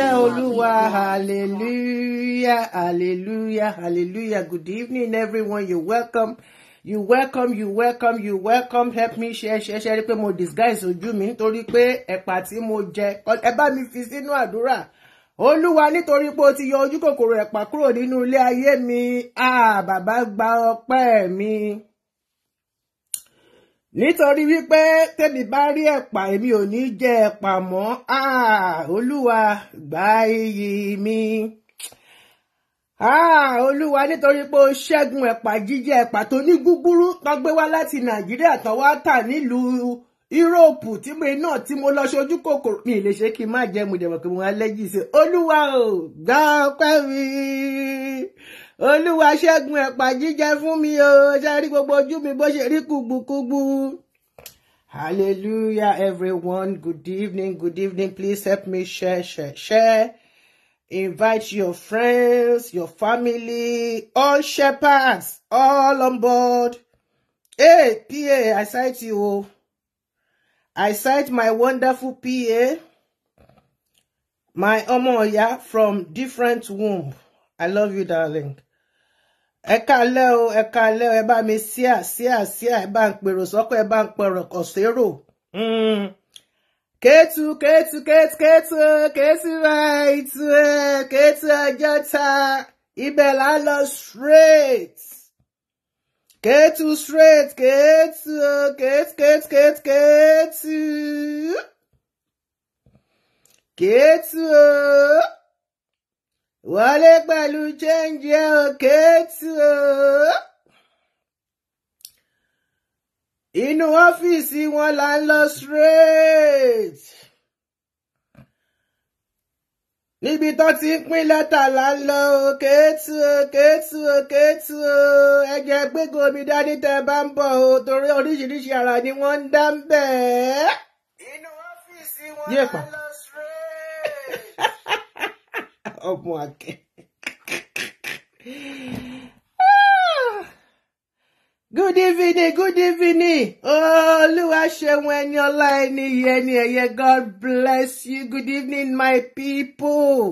jẹ́ olúwa hallelujah hallelujah hallelujah good evening everyone you welcome you welcome you welcome you welcome help me share share share pé mo disguise ojú mi nítorí pé ẹ̀pà tí mo jẹ ẹ bá mi fi sínú àdúrà olúwa nítorí pé o ti yọ ojú kòkòrò ẹ̀pà kúrò nínú ilé ayé mi ah bàbá gba ọpẹ́ mi nítorí wípé tèmi bá rí ẹ̀pà èmi ò ní jẹ ẹ̀pà mọ́ ah, olúwa gba iyì mi ah, olúwa nítorí pé o ṣẹ́gun ẹ̀pà jíjẹ ẹ̀pà tó ní gúgúrú tó gbé wá láti nàìjíríà tó wá tà nílùú yúróòpù tí mo náà tí mo lọ ṣojú kòkòrò mi lè ṣe kí n má jẹ mo dẹ̀mọ̀ pé mo wá lẹ́jì sí olúwa ò gbà ọpẹ́ mi olúwa ṣẹ́gun ẹ̀pà jíjẹ fún mi o ṣe rí gbogbo ojú mi bó ṣe rí kùgbùkùgbù. hallelujah everyone good evening good evening please help me share share share invite your friends your family all shepherds all on board. hey PA I cite you I cite my wonderful PA my ọmọ from different womb I love you darling ẹ kálẹ́ o ẹ kálẹ́ o ẹ bá mi síà síà síà ẹ bá ń pèrò sọ́kọ̀ ẹ bá ń pẹ̀rọ̀ kọ̀ sérò. kéétu hmm. kéétu kéétu kéétu kéétu àìtú kéétu Àjàtà ibẹ̀ là ń lọ straight. kéétu straight kéétu kéétu kéétu kéétu kéétu kéétu wọlé pẹ̀lú chẹ́ǹjì òkè tù ó. inú ọ́fíìsì wọn là ń lọ straight. níbi tó ti pín lẹ́tà là ń lọ òkè tù òkè tù òkè tù ó. ẹ jẹ́ pé gomi dání tẹ bá ń bọ̀ o torí oríṣiríṣi ara ni wọ́n ń dá ń bẹ̀. inú ọ́fíìsì wọn e là ń lọ ọmọ akẹ́. Ah! good evening good evening olúwaṣeun when you're lying here, ẹni ẹyẹ god bless you good evening my people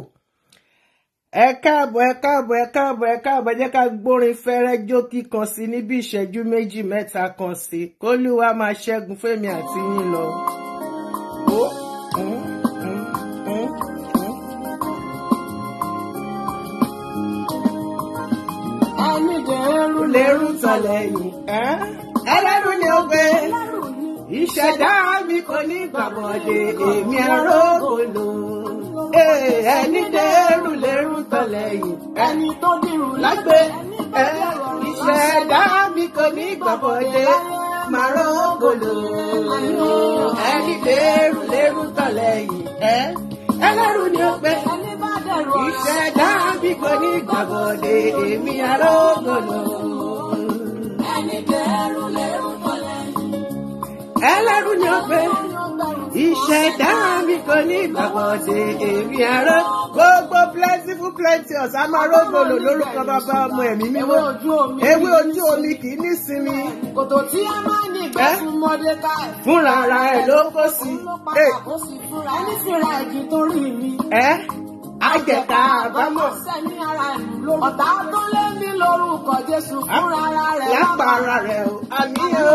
ẹ káàbọ̀ ẹ káàbọ̀ ẹ káàbọ̀ ẹ káàbọ̀ jẹ́ ká gbórin fẹ́rẹ́ jó kíkan sí níbi ìṣẹ́jú méjì mẹ́ta kan sí kólúwa máa ṣẹ́gun fẹ́mi àti yín lọ. Oh. lérú tán lẹ́yìn ẹlẹ́rú ni ó gbé ìṣẹ̀dá mi kò ní gbàgbọ́dé èmi ẹ̀rọ ògolo eh, ẹni lérú lérú tán lẹ́yìn ẹni tó dìrù lágbé ìṣẹ̀dá mi kò ní gbàgbọ́dé màrọ ògolo ẹni lérú lérú tán lẹ́yìn ẹlẹ́rú ni ó gbé ìṣẹ̀dá mi kò ní gbàgbọ́dé èmi ẹ̀rọ ògolo. ẹlẹ́rú ni ó pé ìṣẹ̀dá mi kò ní gbàgbọ́ de èmi ẹ̀rọ gbogbo plentiful plenty ọ̀sánmọ́ rògbòlò lórúkọ bàbá ọmọ ẹ̀mí mímọ́ ewé ojú omi kì í nísinmi. kòtò tí a máa ń yìnbọn fún mọ́dé káì. fúnra ara ẹ̀ ló kó sí. ó ló padà kó torí mi àjẹ̀ká àbámọ̀. sẹ́ni ara ẹ̀ ọ̀tá tó lé ní lórúkọ Jésù fún ara rẹ̀. lápá ara rẹ̀ o àmì o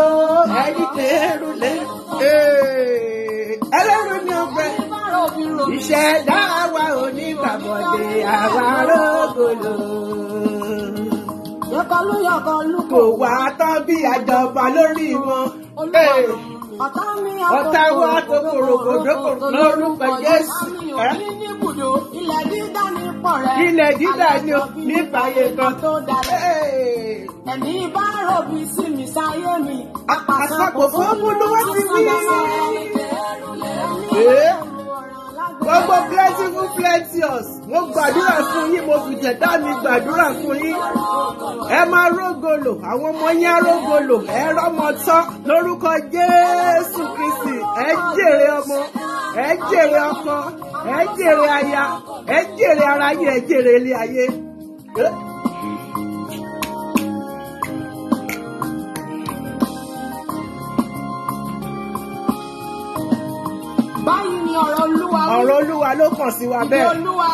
ẹni tẹ ẹrù lé ẹlẹ́rù ní ọgbẹ́ ìṣẹ̀dá wa ò ní bàbọ̀dé àwa arógolo. yọkọlú yọkọlú kò wá tán bí àjọba lórí wọn. olúwa ọ̀tá wa dókòrògbòdókòrò lórúkọ Jésù. ilẹ̀ dídá ní pọ̀ rẹ̀. ilẹ̀ dídá ní fàyè kan. ẹ̀mí bá ròbí sí mi sáyé mi. àpàtàkùn fún mi ló wá ti wí gbogbo plentiful plenteous mo gbàdúrà fún yín mo fi tẹ̀dá mi gbàdúrà fún yín ẹ máa rógolò àwọn ọmọ yín á rógolò ẹ rọ́mọ tán lórúkọ Jésù Kristi ẹ jèrè ọmọ ẹ jèrè ọkọ ẹ jèrè aya ẹ jèrè ara yín ẹ jèrè ilé ayé. báyìí ni ọ̀rọ̀ olúwa ọ̀rọ̀ olúwa ló kàn sí wa bẹ́ẹ̀ ìdí olúwa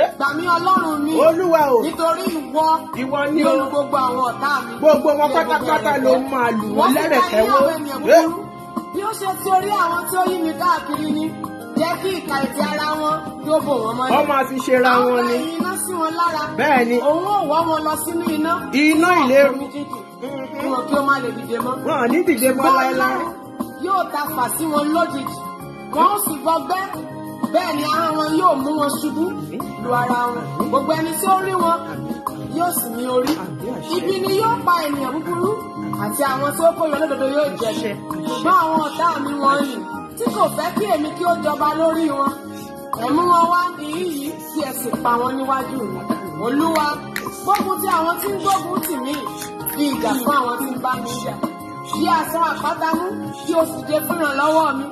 eh? gbàmí ọlọ́run mi olúwa o nítorí ìwọ ìwọ ni o gbogbo àwọn ọ̀tá mi gbogbo wọn pátápátá ló máa lù wọ́n lẹ́rẹ̀kẹ́wọ́ eh? bí ó ṣe ti orí àwọn tó yí mi káàkiri ni jẹ́ kí ìka ìtì ara wọn tó bò wọ́n mọ́lẹ̀. wọ́n máa fi ṣe ra wọn ni. àwọn ẹyin iná sí wọn lára. bẹ́ẹ̀ ni. òun ò wọ́ wọn lọ sínú iná. iná ìléru. wọn kí ó má lè dìde mọ́. wọn ò ní dìde mọ́ láéláé. yóò ta fà sí wọn lójijì wọ́n sì gbọgbẹ́ bẹ́ẹ̀ ni ara wọn yóò mú wọn ṣubú lu ara wọn gbogbo ẹni tí ó rí wọn yóò sì ní orí ibi ni yóò pa ènìyàn búburú àti àwọn tí ó kóyọ lódodo yóò jẹ ṣùgbọ́n àwọn ọ̀tá mi wọ̀nyí tí kò fẹ́ kí èmi kí ó jọba lórí wọn ẹ mú wọn wá níyì yìí tí ẹ sì pa wọn níwájú mi olúwa gbógun ti àwọn tí ń gbógun tì mí bí ìjà fún àwọn tí ń bá mi jà ṣí aṣọ àkọ́damú kí o sì dé fúnra lọ́wọ́ mi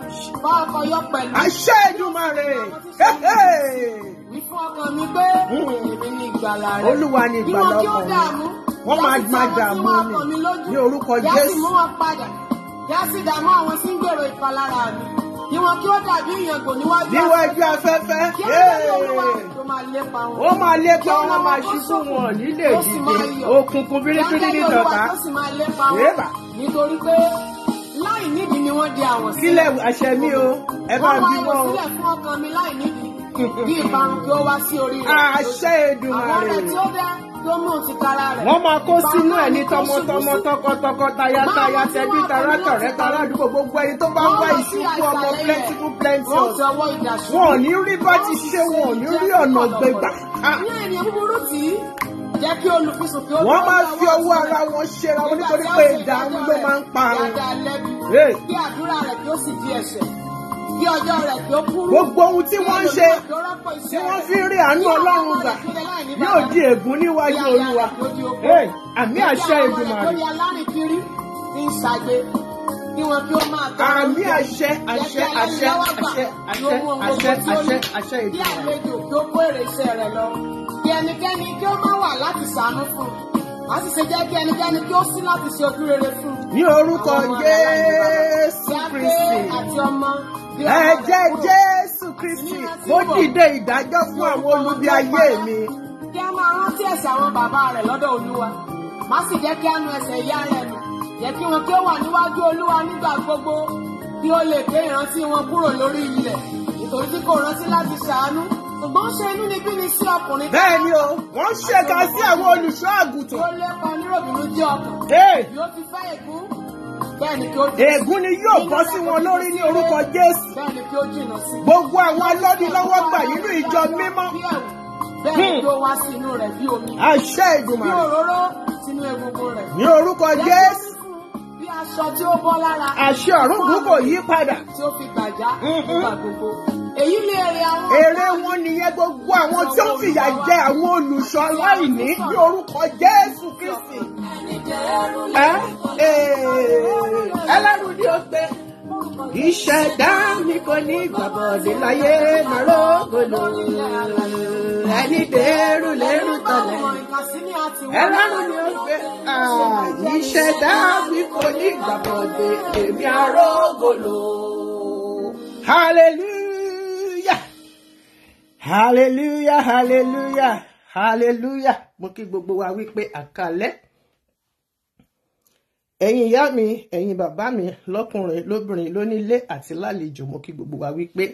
bá ọkọ yọ pẹ̀lú. àṣẹ Èdùmàrè. wí fún ọkàn mi pé èmi ni ìgbàlà rẹ. olúwa ni ìgbàlà ọkàn mi. bí wọn kí ó dààmú. wọ́n máa máa dààmú mi ní orúkọ jésù. yá sì mú wọn padà yá dààmú àwọn tí ń gbèrò ìpalára mi. Ni kí ó dàbí ìyàngò níwájú afẹ́fẹ́. Níwájú afẹ́fẹ́. ó máa lépa wọn. máa ṣubú wọn nílé ìdíje. Òkùnkùn biribiri nìjọba. Ó sì máa lépa wọn nítorí pé láì nídìí ni wọ́n di àwọ̀ sílẹ̀. sílẹ̀ àṣẹ mi o ẹ bá bí wọ́n. wọ́n wá àwọ̀ sílẹ̀ fún ọkàn mi láì nídìí bí ìparun kí ó wá sí orí rẹ̀. àṣẹ Èdùmàrè. àwọn ọ̀rẹ́ tí ó dá ló mú ti tara rẹ̀. wọ́n máa kó sínú ẹ̀ ní tọmọtọmọ tọkọtọkọ tayátayá tẹbí tara tọ̀rẹ́ tara àdúgbò gbogbo ẹni tó bá ń wá ìsìnkú ọmọ plẹ́ntìkú plẹ́ntì ọ̀sán. wọn ò ní rí bá ti ṣe wọn ò ní rí ọ̀nà gbẹgbà. ní ẹ̀yìn burú tí wọ́n máa fi ọwọ́ ara wọn ṣera wọn nítorí pé ìdààmú ló máa ń parun. kí àdúrà rẹ̀ kí ó sì di ẹ̀ṣẹ̀ kí ọjọ́ rẹ̀ kí ó kúrú. gbogbo ohun tí wọ́n ń ṣe tí wọ́n fi rí àánú ọlọ́run gbà yóò di ègún níwájú olúwa. àmì àṣẹ ìgbìmọ̀ rẹ̀. lórí alárìnkiri ní ìsàgbé kí wọn kí ó máa tọ́ ọ́ àmì àṣẹ àṣẹ àṣẹ àṣẹ àṣẹ àṣẹ àṣẹ àṣẹ ìgbìmọ̀ rẹ̀ bí ẹnikẹ́ni kí ó má wà láti ṣàánú fún un a sì ṣe jẹ́ kí ẹnikẹ́ni kí ó sí láti ṣe ojú fún ní orúkọ Jésù Kristi ẹ̀jẹ̀ Jésù Kristi ó dìde ìdájọ́ fún àwọn olubi ayé mi. kí a máa rántí ẹ̀ṣẹ̀ àwọn bàbá rẹ̀ lọ́dọ̀ Olúwa má sì jẹ́ kí a nu ẹ̀ṣẹ̀ ìyá rẹ̀ nù jẹ́ kí wọn kí ó wà níwájú Olúwa nígbà gbogbo kí ó lè gbé ìrántí wọn kúrò lórí ilẹ̀ nítorí tí kò rántí láti ṣàánú ṣùgbọ́n ṣe inú ni bí ni sí ọkùnrin. bẹ́ẹ̀ ni o wọ́n ṣèkà sí àwọn olùṣọ́ àgùntàn. ó lépa oníròbìnú jẹ́ ọkàn. yóò ti fẹ́ ègún. Ègún ni yóò bọ́ sí wọn lórí ní orúkọ Jésù. Gbogbo àwọn alọ́nilọ́wọ́ gbà nínú ìjọ mímọ́. Bẹ́ẹ̀ni tó hmm. wá sí inú rẹ̀ bí omi. Àṣẹ ìgbìmọ̀ rẹ̀. Bí òróró sínú egungun rẹ̀. Ní orúkọ Jésù. Àṣẹ ọ̀rúnkún kò yí padà. Tí ó fi gbàjá nígbà hmm, hmm. gbogbo èyí ni èrè àwọn. èrè wọn nìyẹn gbogbo àwọn tí ó fìyà jẹ àwọn olùṣọ́ aláìní ní orúkọ jésù kristi. ẹ ni ó gbé. ìṣẹ̀dá mi kò ní gbàbọ̀dé láyé màrógolo ẹni dèrú lérú tọ̀lẹ̀. ẹlẹ́rù ni ó gbé. ìṣẹ̀dá mi kò ní gbàbọ̀dé èmi àrógolo. hallelujah hallelujah hallelujah hallelujah mo kí gbogbo wa wípé àkàlẹ́ ẹ̀yin ìyá mi ẹ̀yin bàbá mi lọ́kùnrin lóbìnrin lónílé àti lálejò mo kí gbogbo wa wípé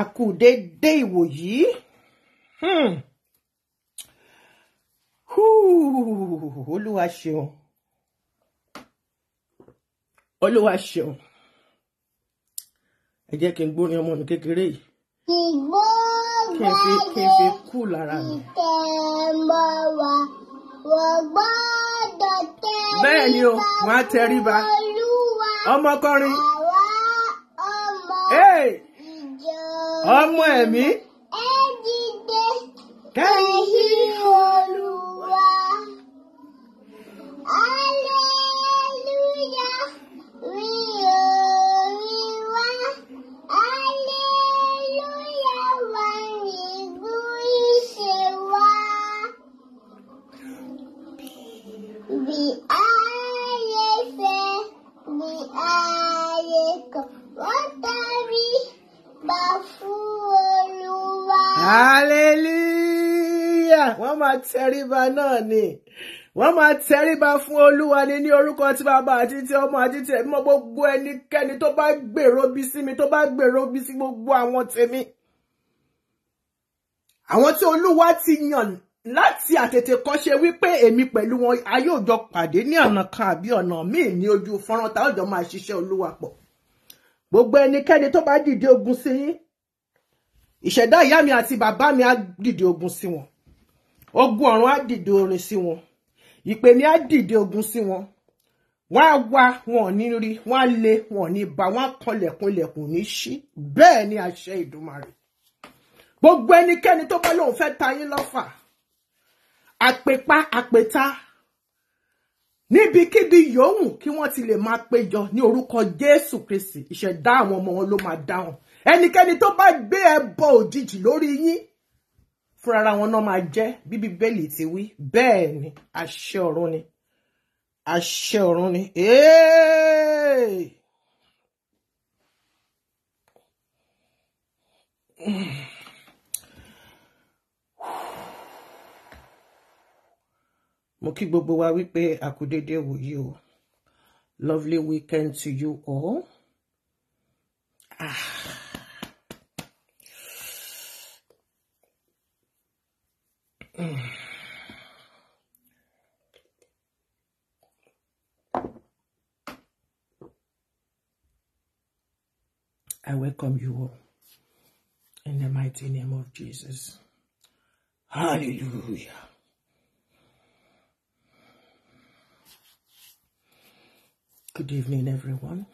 àkùdédé ìwò yìí olúwa ṣeun olúwa ṣeun ẹ jẹ́ kí n gbórin ọmọ mi kékeré yìí kí n fi kí n fi kú lára mi. bẹ́ẹ̀ ni o wọ́n á tẹríba ọmọkọrin ọmọ ẹ̀mí kẹ́yìn olúwa. látàrí bá fún olúwa. hallelujah wọ́n máa tẹríba náà ni wọ́n máa tẹríba fún olúwa ni ní orúkọ tí bàbá àti tí ọmọ àti tí ẹ̀mí mọ́ gbogbo ẹnikẹ́ni tó bá gbèrò bí sí mi tó bá gbèrò bí sí gbogbo àwọn tèmi àwọn tí olúwa ti yàn láti àtètèkọ́ṣe wípé èmi pẹ̀lú wọn a yóò jọ pàdé ní ọ̀nà kan àbí ọ̀nà míì ní ojú fọ́nrán tá a ó jọ máa ṣiṣẹ́ olúwa pọ̀ gbogbo ẹnikẹ́ni tó bá dìde ogun sí yín ìṣẹ̀dá ìyá mi àti bàbá mi á dìde ogun sí wọn ogun ọ̀run á dìde orin sí wọn ìpè mi á dìde ogun sí wọn wọ́n á wá wọn ò ní rí wọ́n á lé wọn ò ní bá wọn á kanlẹ̀kùn ilẹ̀kùn ní ṣí bẹ́ẹ̀ ni àṣẹ Ìdùmarè gbogbo ẹnikẹ́ni tó bá lóun fẹ́ ta yín lọ́fà àpèpá àpèta níbikíbi yòówù kí wọ́n ti lè máa péjọ ní orúkọ Jésù Kristi ìṣẹ̀dá àwọn ọmọ wọn ló máa dáhùn ẹnikẹ́ni tó bá gbé ẹbọ òjijì lórí yín fúnra ara wọn náà máa jẹ́ bí Bíbélì ti wí bẹ́ẹ̀ ni àṣẹ ọ̀run ni àṣẹ ọ̀run ni. Mm. mo kí gbogbo wa wípé a kú déédéé wòyí o lovely weekend to you all ah. I welcome you all in the mighty name of Jesus. Hallelujah. Good evening, everyone.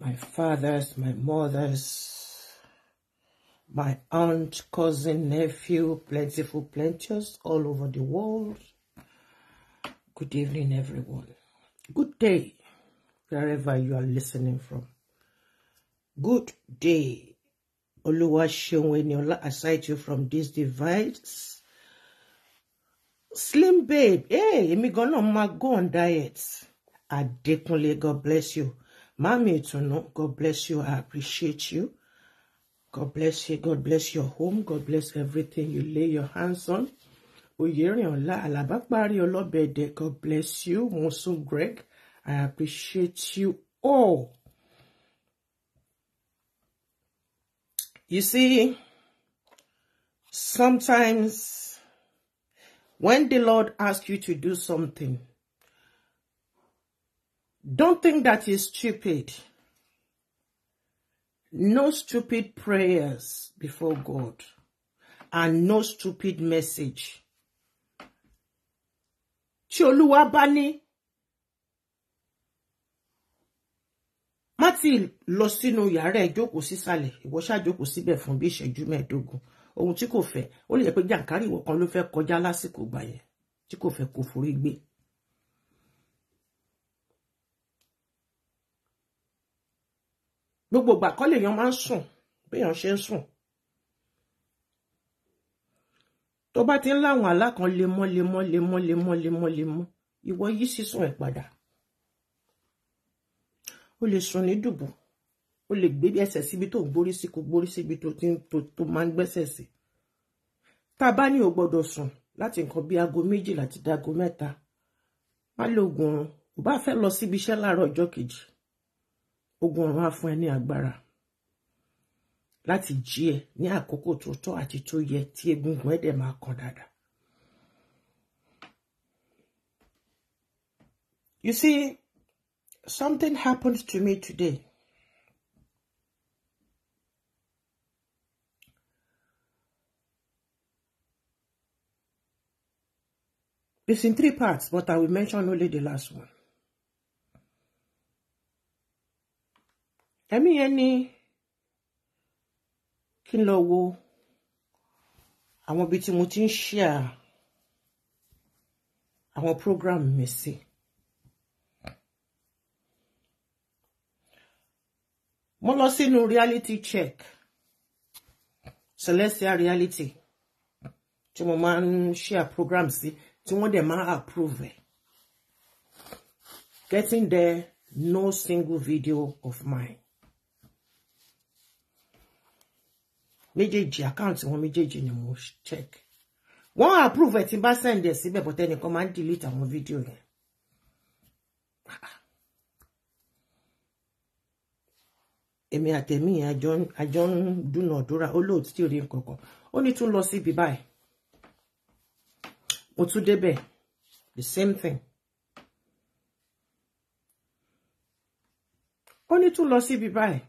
My fathers, my mothers, my aunt, cousin, nephew, plentiful plenteous all over the world. Good evening, everyone. Good day, wherever you are listening from. Good day. Oluwaseun, when you aside you from this device, Slim babe, hey, èmi gonna ma go on diet. Adekunle, God bless you. to know, God bless you. I appreciate you. God bless you. God bless your home. God bless everything you lay your hands on. Oyerinla be there. God bless you. Monsoon Greg, I appreciate you all. You see, sometimes When the Lord asks you to do something, don't think that is stupid. No stupid prayers before God and no stupid message. Tí Olúwa bá ní má ti lọ sínú yàrá ẹ jókòó sísàlẹ̀ ìwọ ṣáà jókòó síbẹ̀ ohun tí kò fẹ́ ó lè jẹ́ pé jàǹkárì ìwọ kan ló fẹ́ kọjá lásìkò gbà yẹn tí kò fẹ́ kó forí gbé. gbogbo ìgbà kọ́ lèèyàn máa ń sùn béèyàn ṣe ń sùn tó bá ti ń láwọn àlá kan lemọ́ lemọ́ lemọ́ lemọ́ lemọ́ lemọ́ ìwọ yí sísùn ẹ̀ padà ó lè sùn ní dùbò o lè gbé ẹsẹ̀ síbi tó gbórí sí kó gbórí síbi tó ti tó máa ń gbẹ́sẹ̀ sí tá bá ní o gbọ́dọ̀ sùn láti nǹkan bí aago méjì láti dáago mẹ́ta má lo oògùn ọrùn ò bá fẹ́ lọ síbi iṣẹ́ láàárọ̀ ọjọ́ kejì oògùn ọrùn á fún ẹ ní agbára láti jí ẹ ní àkókò tó tọ́ àti tó yẹ tí egungun ẹ̀dẹ̀ máa kàn dáadáa. You see, something happened to me today. It's in three parts, but I will mention only the last one. Ẹ̀mí yẹn ní kí n lọ wo àwọn ibi tí mo ti share àwọn program mi sí. Mo lọ sínú reality check celestial reality tí mo máa ń share program Si tí wọ́n dẹ̀ máa approve ẹ̀ getting there no single video of mine méjèèjì àkáǹtì wọn méjèèjì ni mo check wọ́n approve ẹ̀ tí bá send ẹ̀ síbẹ̀ but ẹnìkan máa ń delete àwọn video. yẹn èmi àtẹ̀mí àjọ ń dúnàádúrà ó lóòótọ́ tí ò rí nǹkan kan ó ní tún lọ síbi báyìí Otu debe, the same thing. ó ní tún lọ síbi báyìí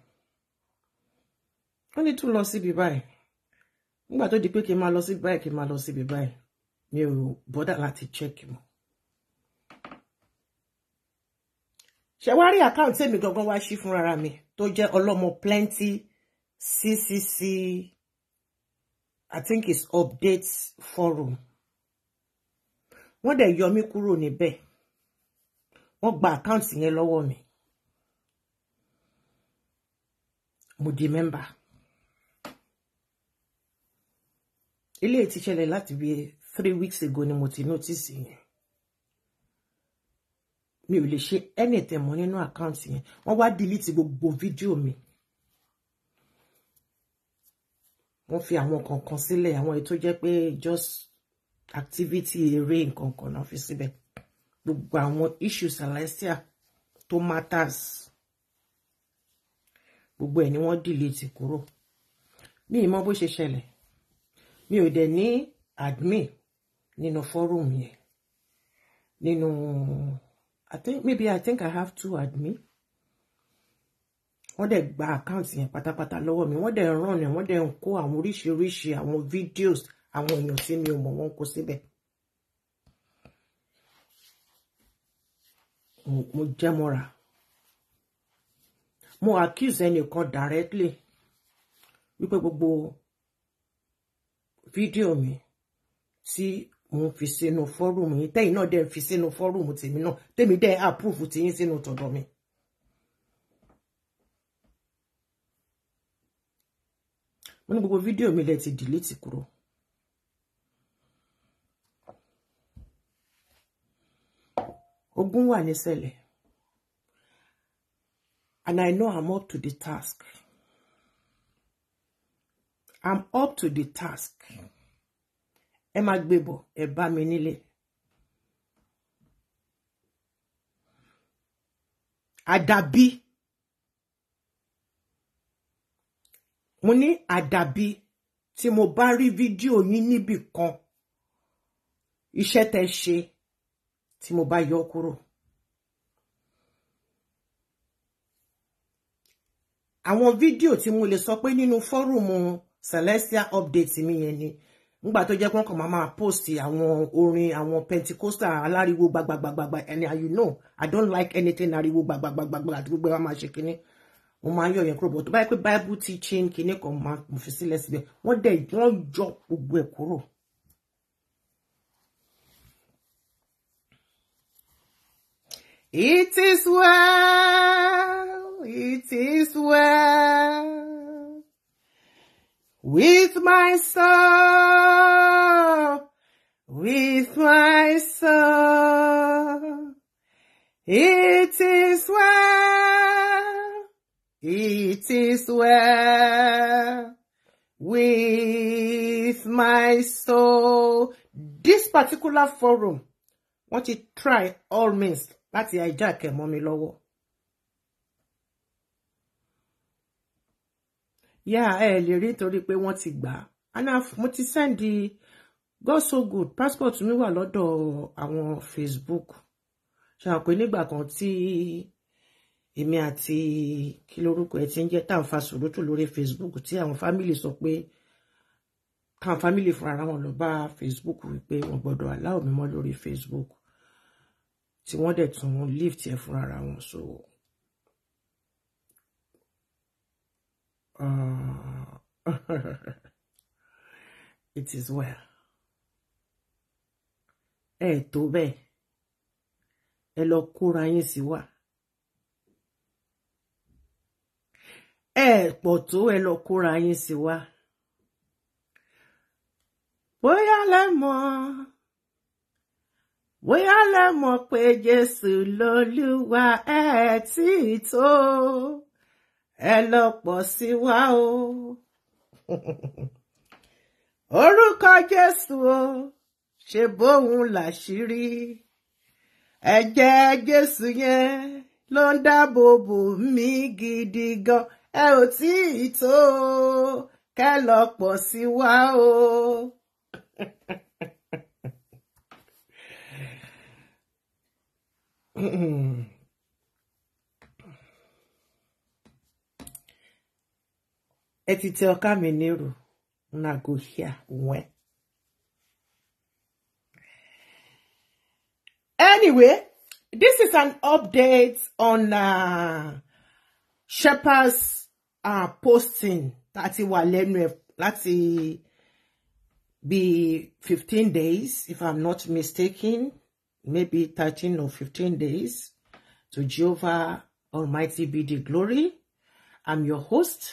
ó ní tún lọ síbi báyìí nígbà tó di pé kí n máa lọ síbi báyìí kí n máa lọ síbi báyìí mi ò bọ́dà láti chẹ́ẹ̀kì mọ́. ṣe wá rí àkáǹtì èmi gangan wá ṣí fúnra mi tó jẹ́ ọlọ́mọ plenty ccc i think it's updates forum wọ́n dẹ̀ yọ mí kúrò níbẹ̀ wọ́n gba àkáǹtì yẹn lọ́wọ́ mi mo di mẹ́mbà ilé ti ṣẹlẹ̀ láti bíi three weeks ago ni mo ti notice yẹn mi ò lè ṣe anything mọ́ nínú àkáǹtì yẹn wọ́n wá delete gbogbo fídíò mi wọ́n fi àwọn kankan sílẹ̀ àwọn èyí tó jẹ́ pé just activity eré nǹkan kan náà fi síbẹ̀ gbogbo àwọn issue celestial tó matters gbogbo ẹ̀ ni wọ́n delete kúrò mi ì mọ bó ṣe ṣẹlẹ̀ mi ò dẹ̀ ní admin nínú forum yẹn nínú I think maybe I think I have two admin wọ́n dẹ̀ gba àkáǹtì yẹn pátápátá lọ́wọ́ mi wọ́n dẹ̀ ń ràn ní wọ́n dẹ̀ ń kó àwọn oríṣiríṣi àwọn videos àwọn èèyàn tí mi ò mọ̀ wọ́n kó síbẹ̀. mo jẹ́ mọ́ra mo accuse ẹnìkan directly wípé gbogbo fídíò mi tí mo fi sínú fọ́rùmù yìí tẹ́yìn náà dẹ̀ fi sínú fọ́rùmù tèmi náà tèmi dẹ̀ approve tiyín sínú tọ̀dọ̀ mi. mo ní gbogbo fídíò mi lẹ ti delete kúrò. Ogun wà nísẹ̀lẹ̀. And I know I'm up to the task. I'm up to the task. Ẹ máa gbébọ̀, ẹ bá mi nílé. Àdàbí. Mo ni àdàbí tí mo bá rí fídíò yín níbì kan. Iṣẹ́ tẹ́ ṣe tí mo bá yọ kúrò àwọn fídíò tí mo lè sọ pé nínú fọ́rùmù celestial update mi yẹn ni nígbà tó jẹ́ pé ọkàn máa máa post àwọn orin àwọn pentecostal aláriwo gbagbagbagba and you know i don't like anything ariwo gbagbagbagba àti gbogbo ẹ̀ máa ṣe kínní mo máa ń yọ yẹn kúrò bọ̀ tó báyìí pé bible teaching kínní kan máa fi sílẹ̀ síbẹ̀ wọ́n dẹ̀ wọ́n yọ gbogbo ẹ̀ kúrò. It is well, it is well with my soul, with my soul. It is well, it is well with my soul. This particular forum, what you try all means láti hijack ẹ̀ mọ́ mi lọ́wọ́. yá ẹ lè rí nítorí pé wọ́n ti gbà á and mo ti sẹ́ndì god so good passport mi wà lọ́dọ̀ àwọn facebook ṣàwọn pé nígbà kan tí èmi àti kí lórúkọ ẹ ti ń jẹ́ táwọn fasòrótù lórí facebook tí àwọn fámìlì sọ pé táwọn fámìlì fúnra wọn lọ bá facebook wípé wọ́n gbọ́dọ̀ aláwọ mímọ lórí facebook tí wọ́n dẹ̀ tún lift ẹ̀ fúnra ara wọn so uh, it is well ẹ tó bẹ́ẹ̀ ẹ lọ kóra yín sí wa ẹ pọ̀ tó ẹ lọ kóra yín sí wa bóyá lẹ́mọ̀ọ́ bóyá lẹ mọ̀ pé Jésù lolúwa ẹ tí ì tó ẹ lọ pọ̀ sí wa o orúkọ Jésù o ṣe bóun làṣírí ẹ̀jẹ̀ Jésù yẹn ló ń dáàbò bò mí gidi gan ẹ ò tí ì tó kẹ́ lọ pọ̀ sí wa o. ẹ ti tẹ ọká mi nírò una go hear when. Anyway, this is an update on uh, Shepherd's uh, posting láti wà lẹ́nu ẹ̀ láti be fifteen days, if I'm not mistaken. maybe 13 or 15 days to Jehovah Almighty be the glory. I'm your host,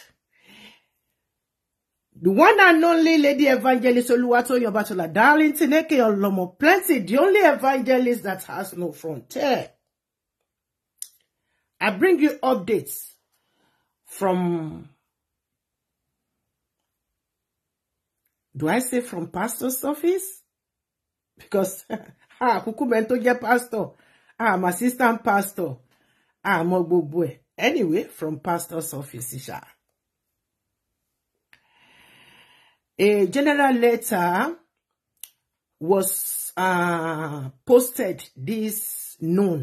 the one and only Lady Evangelist Oluwatoyin Batola darling aka Olomo Plenty, the only evangelist that has no frontier. I bring you updates from, do I say from pastor's office? Because àkúkú bẹ́ẹ̀ tó jẹ́ pásítọ̀ àmọ́ assistant pastor àmọ́ gbogbo ẹ̀ anyway from pastor's office ṣá. a general letter was uh, posted this noon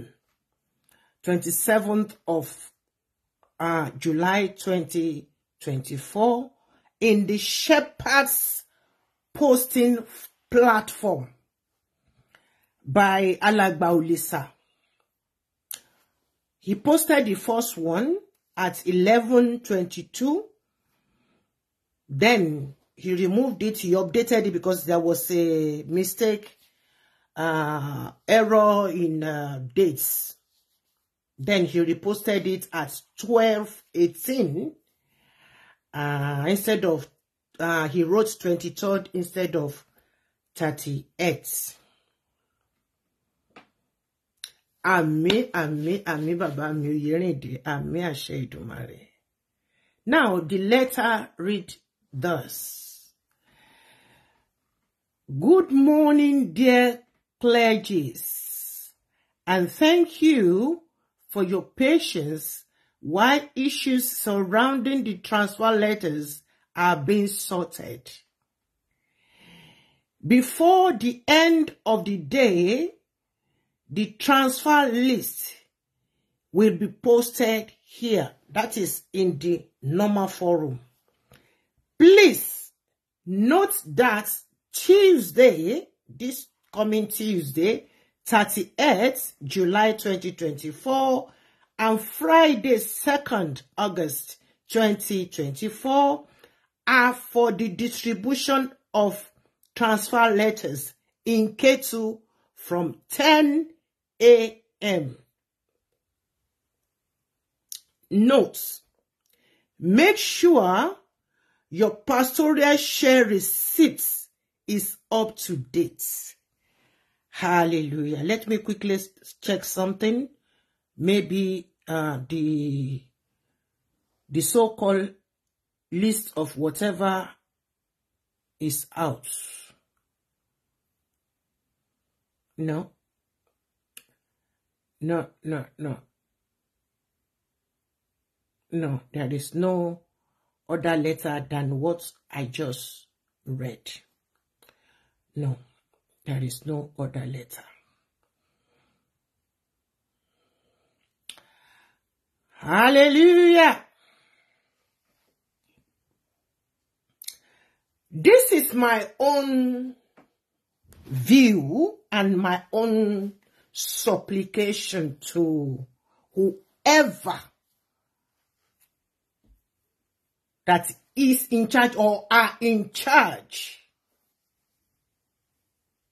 27th of uh, July 2024 in the Shepherd's posting platform by Alagba Olisa. He posted the first one at 11:22. Then he removed it, he updated it because there was a mistake, uh, error in uh, dates. Then he reposted it at 12:18 uh, instead of uh, he wrote 23rd instead of 38 àmì àmì àmì bàbá mi Oyèrìndé àmì àṣẹ Ìdùmarè. Now the letter read thus. Good morning, dear clergies, and thank you for your patience while issues surrounding the transfer letters are being sorted. Before the end of the day, The transfer list will be posted here. That is in the normal forum. Please note that Tuesday, this coming Tuesday, 38th July 2024, and Friday, 2nd August 2024, are for the distribution of transfer letters in K2 from 10 a.m. Notes. make sure your pastoral share receipts is up to date. Hallelujah. Let me quickly check something. Maybe uh, the the so-called list of whatever is out. No. no, no, no. No, there is no other letter than what I just read. No, there is no other letter. Hallelujah. This is my own view and my own supplication to whoever that is in charge or are in charge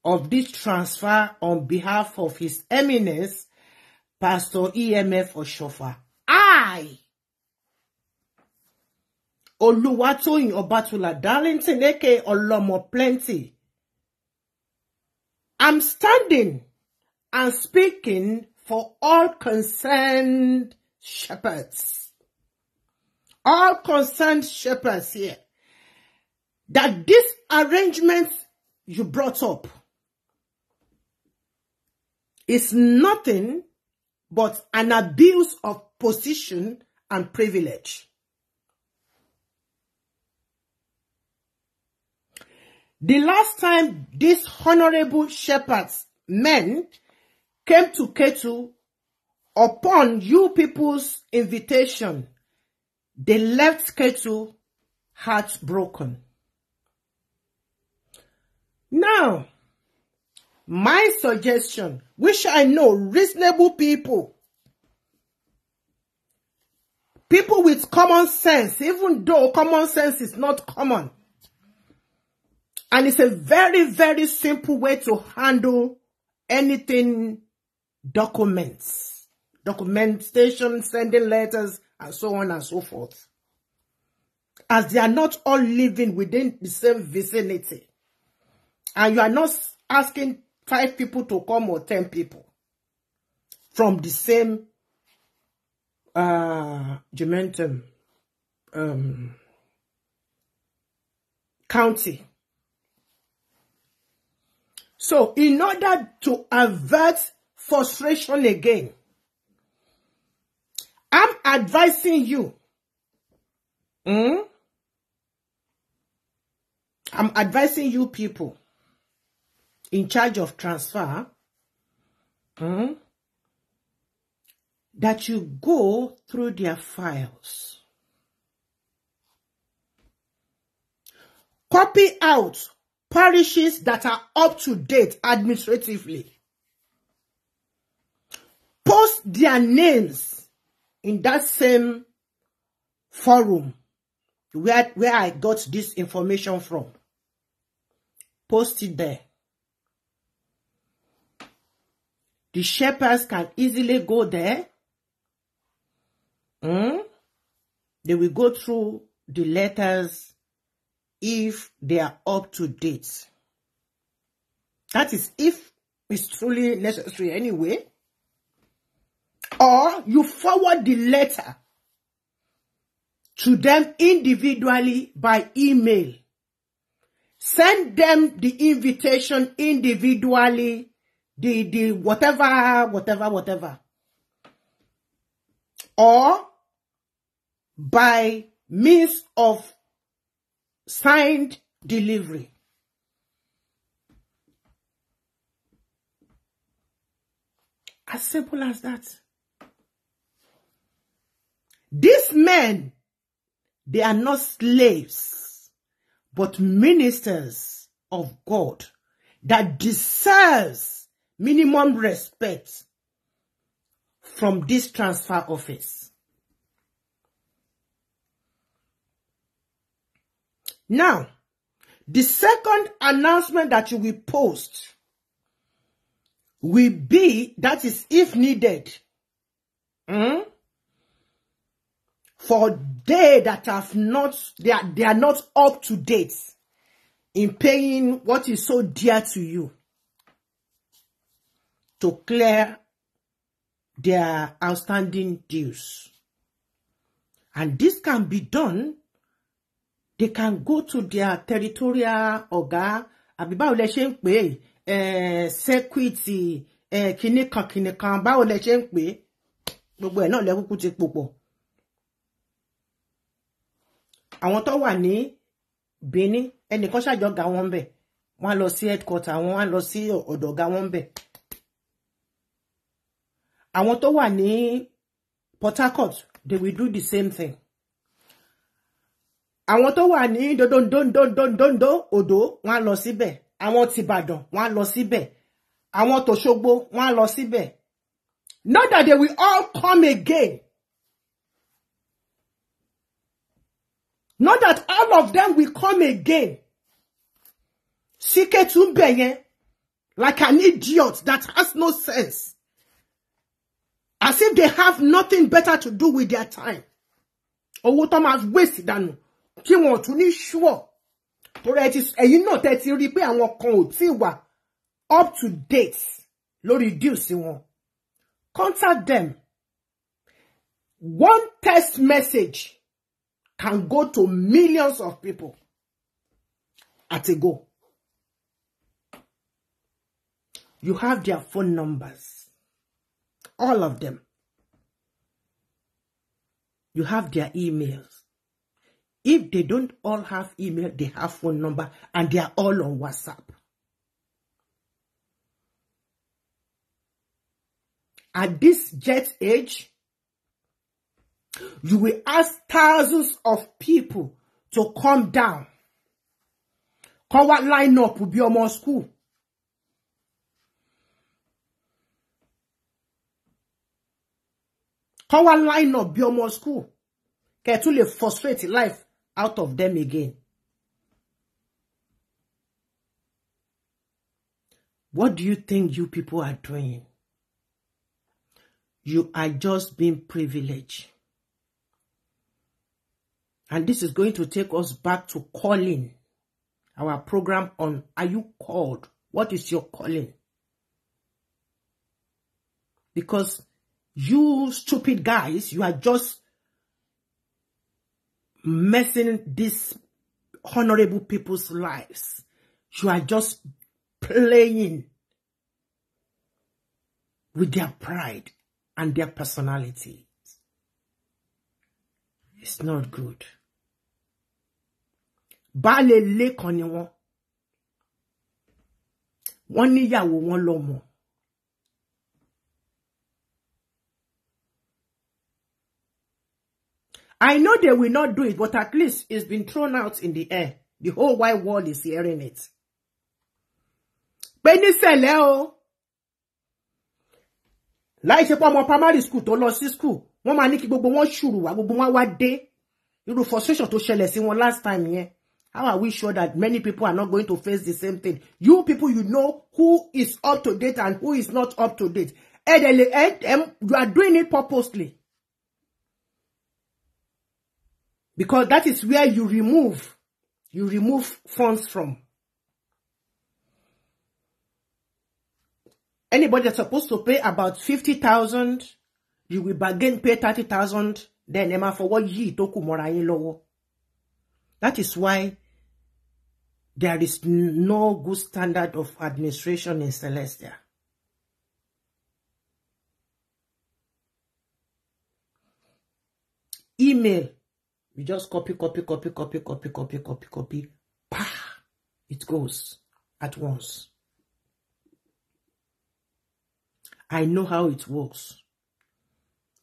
of this transfer on behalf of His Eminence, Pastor EMF Oshofa. I, Oluwato Oluwatoyin Obatula Darlington, aka Olomo Plenty, I'm standing and speaking for all concerned shepherds. All concerned shepherds here. That these arrangements you brought up is nothing but an abuse of position and privilege. The last time these honorable shepherds meant. came to Ketu upon you people's invitation. They left Ketu heartbroken. Now, my suggestion, which I know reasonable people, people with common sense, even though common sense is not common, and it's a very, very simple way to handle anything documents, documentation, sending letters, and so on and so forth. As they are not all living within the same vicinity, and you are not asking five people to come or ten people from the same uh, Jumentum um, county. So, in order to avert frustration again. I'm advising you. Mm? I'm advising you people in charge of transfer mm, that you go through their files. Copy out parishes that are up to date administratively post their names in that same forum where, where I got this information from. Post it there. The shepherds can easily go there. Mm? They will go through the letters if they are up to date. That is if it's truly necessary anyway. or you forward the letter to them individually by email. Send them the invitation individually, the, the whatever, whatever, whatever. Or by means of signed delivery. As simple as that. These men, they are not slaves, but ministers of God that deserves minimum respect from this transfer office. Now, the second announcement that you will post will be, that is if needed, mm, for they that have not they are, they are not up to date in paying what is so dear to you to clear their outstanding dues. And this can be done. They can go to their territorial Oga. àbí báwo lẹ ṣe ń pè é eh, sẹ́kúìtì eh, kìnnìkan kìnnìkan báwo lẹ ṣe ń pè é gbogbo ẹ̀ náà lẹ kúkú ti pòpọ̀ àwọn tó wà ní Benin ẹnìkan ṣàjọ ga wọn bẹ̀ wọ́n á lọ sí headquarter wọn á lọ sí ọ̀dọ̀ ga wọn bẹ̀ àwọn tó wà ní Port Harcourt they will do the same thing àwọn tó wà ní dondondondondondo odò wọ́n á lọ síbẹ̀ àwọn tìbàdàn wọ́n á lọ síbẹ̀ àwọn tòṣogbo wọ́n á lọ síbẹ̀ not that they will all come again Not that all of them will come again. Sike tumbe like an idiot that has no sense. As if they have nothing better to do with their time. Owó tó máa waste dànù kí wọn tún ní sure. Torí ẹ ti ẹ̀yin náà tẹ́ ti rí pé àwọn kan ò tí wà up to date lórí deals wọn. Contact them. One text message can go to millions of people at a go. You have their phone numbers, all of them. You have their emails. If they don't all have email, they have phone number and they are all on WhatsApp. At this jet age, you will ask thousands of people to come down. Come what line up will be ọmọ school. Come what line up be ọmọ school. Kẹ́ tún lè frustrate life out of them again. What do you think you people are doing? You are just being privileged. And this is going to take us back to calling. Our program on Are You Called? What is your calling? Because you stupid guys, you are just messing these honorable people's lives. You are just playing with their pride and their personalities. It's not good. baálé ilé kan ni wọ́n wọ́n níyàwó wọn lọ́mọ. I know they will not do it, but at least it's been thrown out in the air. The whole wide world is hearing it. Pé níṣẹ̀lẹ̀ o. Láì ṣe pé ọmọ primary school tó lọ sí school, wọ́n máa ní kí gbogbo wọn ṣùrù wá, gbogbo wọn wá dé. Irú frustration tó ṣẹlẹ̀ sí wọn last time yẹn. How are we sure that many people are not going to face the same thing? You people, you know who is up to date and who is not up to date. Eh, eh, you are doing it purposely. Because that is where you remove, you remove funds from. Anybody that's supposed to pay about 50,000, you will bargain pay 30,000, then Emma for what ye toku mora yin lowo. That is why There is no good standard of administration in Celestia. Email, you just copy, copy, copy, copy, copy, copy, copy, copy. Bah! It goes at once. I know how it works.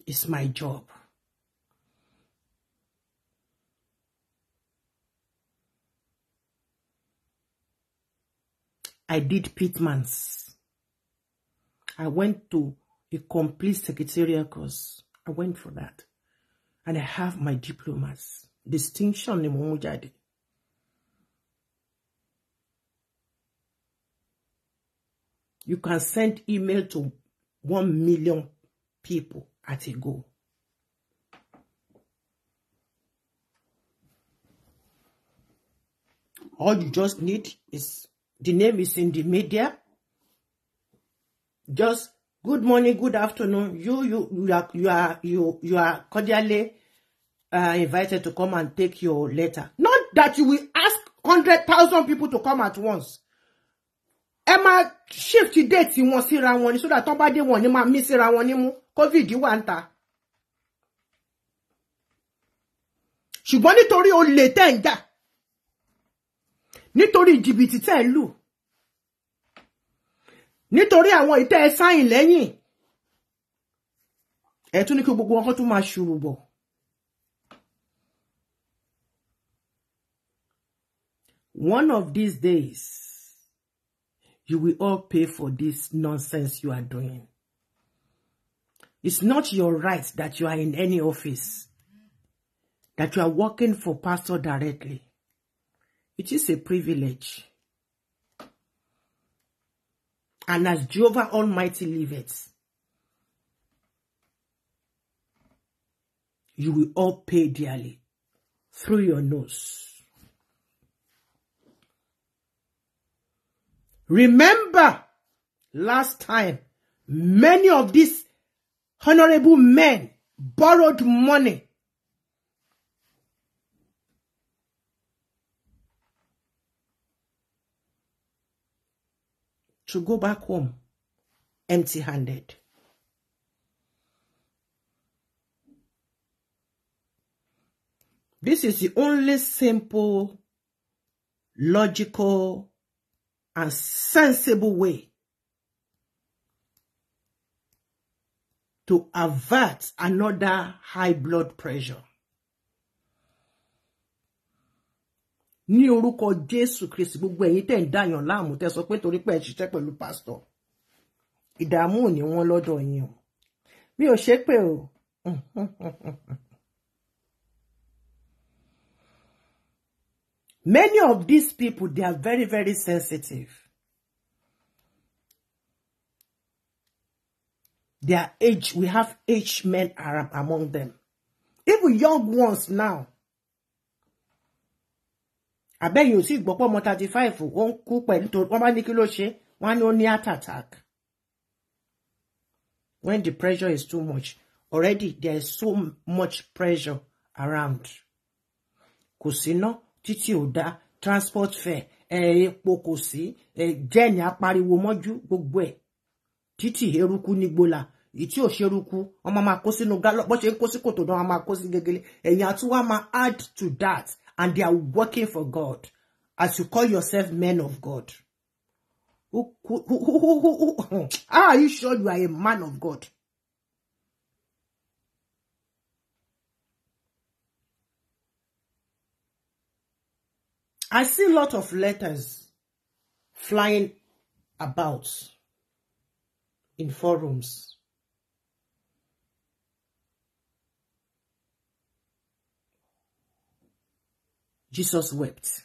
It's my job. I did pitmans. I went to a complete secretarial course. I went for that. And I have my diplomas. Distinction ni mo You can send email to one million people at a go. All you just need is The name is in the media. Just good morning, good afternoon. You you you are you are you you are cordially uh, invited to come and take your letter. Not that you will ask hundred thousand people to come at once. Emma, shift the date wọn síra wọn ni sódà tán bá dé wọn ni máa mí síra wọn nímú covid wà ń ta. ṣùgbọ́n nítorí olè tẹ̀ ń nítorí jìbìtì tẹ́ ẹ lù nítorí àwọn ìtẹ́ ẹ sáyìn lẹ́yìn ẹ tún ní kí gbogbo ọkọ tún máa ṣùrù bọ̀. One of these days, you will all pay for this nonsense you are doing. It's not your right that you are in any office, that you are working for pastor directly. It is a privilege. And as Jehovah Almighty liveth, you will all pay dearly through your nose. Remember last time, many of these honorable men borrowed money to go back home empty handed. This is the only simple, logical, and sensible way to avert another high blood pressure. ní orúkọ Jésù Kristi gbogbo ẹ̀yin tẹ́ ń dáyàn láàmú tẹ́ sọ pé torí pé ẹ ṣiṣẹ́ pẹ̀lú pásítọ̀ ìdààmú ò ní wọ́n lọ́dọ̀ o mi ò ṣe pé o many of these people they are very very sensitive their age we have age men among them even young ones now àbẹ́yìn ò sì gbọ́ pé ọmọ thirty five ó ń kú pẹ̀lú tó wọ́n bá ní kí ló ṣe wọ́n á ní ó ní heart attack when the pressure is too much already there is so much pressure around kò síná títí ò dá transport fare epo kò sí jẹ́ẹ̀nì apariwo mọ́jú gbogbo ẹ̀ títí eruku ní gbola ìtí ò ṣerúkú ọmọ máa kó sínú gálọ bó ṣe ń kó sí kòtò náà máa kó sí gegele ẹ̀yìn àtúwá máa add to that and they are working for God as you call yourself men of God. are you sure you are a man of God? I see a lot of letters flying about in forums. Jesus wept.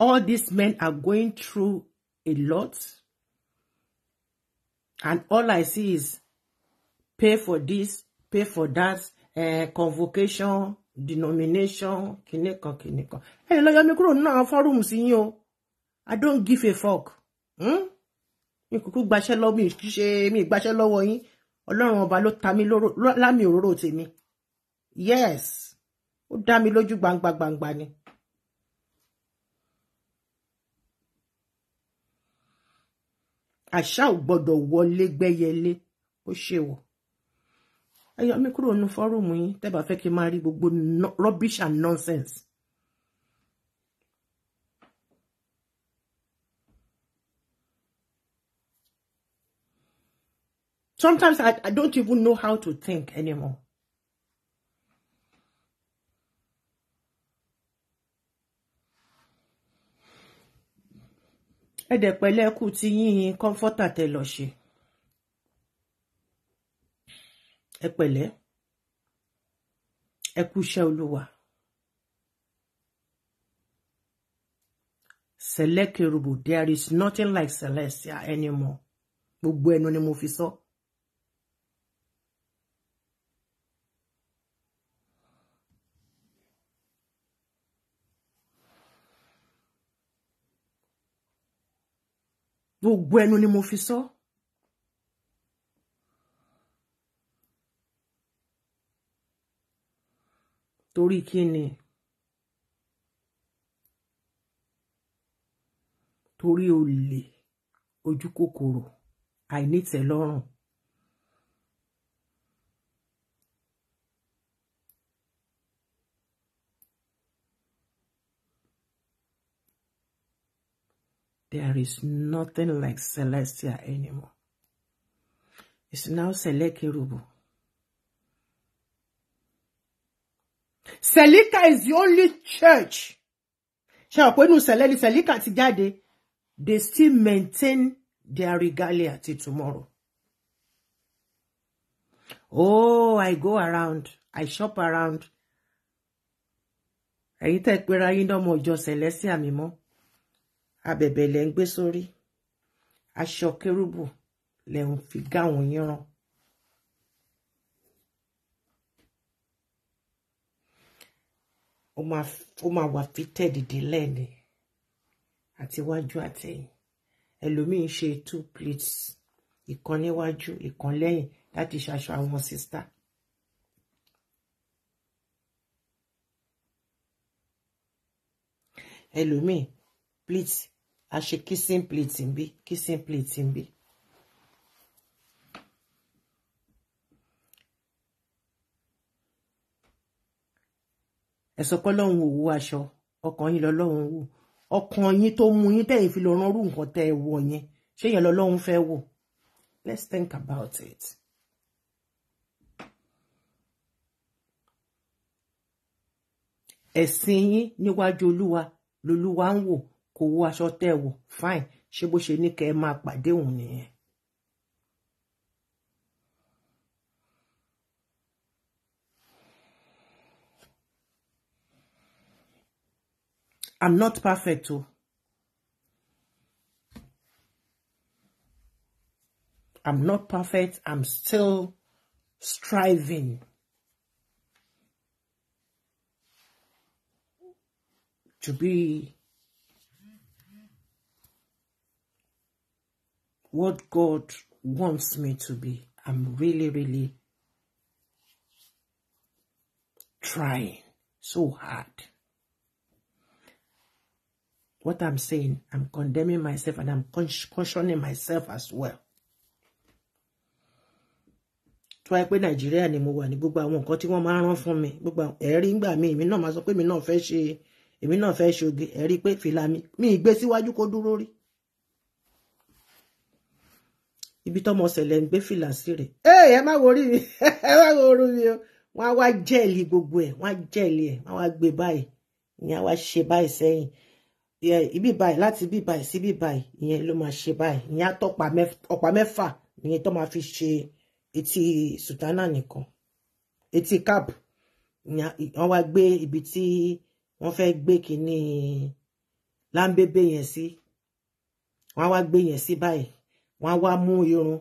All these men are going through a lot. And all I see is pay for this, pay for that, uh, convocation, denomination, kineko, kineko. Hey, lawyer, mi kúrò nínú àwọn fọ́rùmù sí yín I don't give a fuck. Hmm? Mi kúkú gbaṣẹ́ lọ́wọ́ mi ṣe mi gbaṣẹ́ lọ́wọ́ yín. Ọlọ́run ọba ló ta mí lámì òróró tèmi. Yes ó dá mi lójú gbangba gbangba ni. àṣà ò gbọ́dọ̀ wọlé gbẹ́yẹlé ó ṣe wọ ẹ yọ mí kúrò nínú fọ́rùmù yín tẹ́bà fẹ́ kí n máa rí gbogbo rubbish and nonsense. Sometimes I, I don't even know how to think anymore. ẹ̀dẹ̀ pẹ̀lẹ́kù ti yíyin kọ́ńfọ́tà tẹ lọ ṣe ẹ pẹ̀lẹ́ ẹ kú iṣẹ́ olúwa Select there is nothing like Celestia anymore gbogbo ẹnu ni mo fi sọ. So. gbogbo ẹnu ni mo fi sọ torí kí ni torí olè ojú kòkòrò àìnítẹ̀lọ́rùn There is nothing like Celestia anymore. It's now Selekirubu. Selika is the only church. Shakwenu Seleli Selika ti jáde. They still maintain their regalia till tomorrow. Oh, I go around. I shop around. Ẹ̀yin tẹ́ pera yín dọ́mọ ìjọ Celestia mi mọ́ abẹ̀bẹ̀ lẹ ń gbé sórí aṣọ kérúbù lẹ ń fi gáwọn yín rán. ó máa wà fitted délẹ̀ ni àti iwájú àtẹ̀yìn ẹlòmíín ṣe two plates ìkan níwájú ìkan lẹ́yìn láti ṣaṣọ àwọn sísá. ẹlòmíín pleats a ṣe kissing plate ń bí kissing plate ń bí. ẹ sọ pé ọlọ́run ò wo aṣọ ọkàn yín lọ́lọ́run wò ọkàn yín tó mú yín tẹ̀yìn fi lọ ránrú nǹkan tẹ́ ẹ wọ̀ yẹn ṣé yẹn lọ́lọ́run fẹ́ wò let's think about it. ẹ̀sìn yín níwájú olúwa lolúwa ń wò kò wo aṣọ tẹ́ wọ̀ fine ṣé bó ṣe ní kẹ́ ẹ máa pàdé òun nìyẹn. I'm not perfect o. I'm not perfect. I'm still striving. to be what God wants me to be. I'm really, really trying so hard. What I'm saying, I'm condemning myself and I'm cautioning myself as well. tó wáyé pé nàìjíríà ni mo wà ní gbogbo àwọn nǹkan tí wọ́n máa ń rán fún mi gbogbo ẹ̀rí ń gbà mí èmi náà máa sọ pé èmi náà fẹ́ ṣe èmi náà fẹ́ ṣoge ẹ̀rí pé fìlà mi mi ì gbé síwájú kó dúró rí ibi tọmọ ṣẹlẹ̀ ń gbé fìlà sí rẹ̀ ee ẹ má worí mi ẹ má worí mi o wọ́n á wá jẹ́ẹ̀lì gbogbo ẹ̀ wọ́n á jẹ́ẹ̀lì ẹ̀ wọ́n á gbé báyìí ìyẹn á wá ṣe báyìí sẹ́yìn ibi báyìí láti ibi báyìí sí ibi báyìí ìyẹn ló máa ṣe báyìí ìyẹn á tọ́ ọ̀pá mẹ́fà ìyẹn tó máa fi ṣe etí sùtánà nìkan etí cap wọ́n wá gbé ibi tí wọ́n fẹ́ gbé kínní láńbébé yẹn sí wọ́n á wá gbé yẹn sí báyìí wọ́n á wá mú irun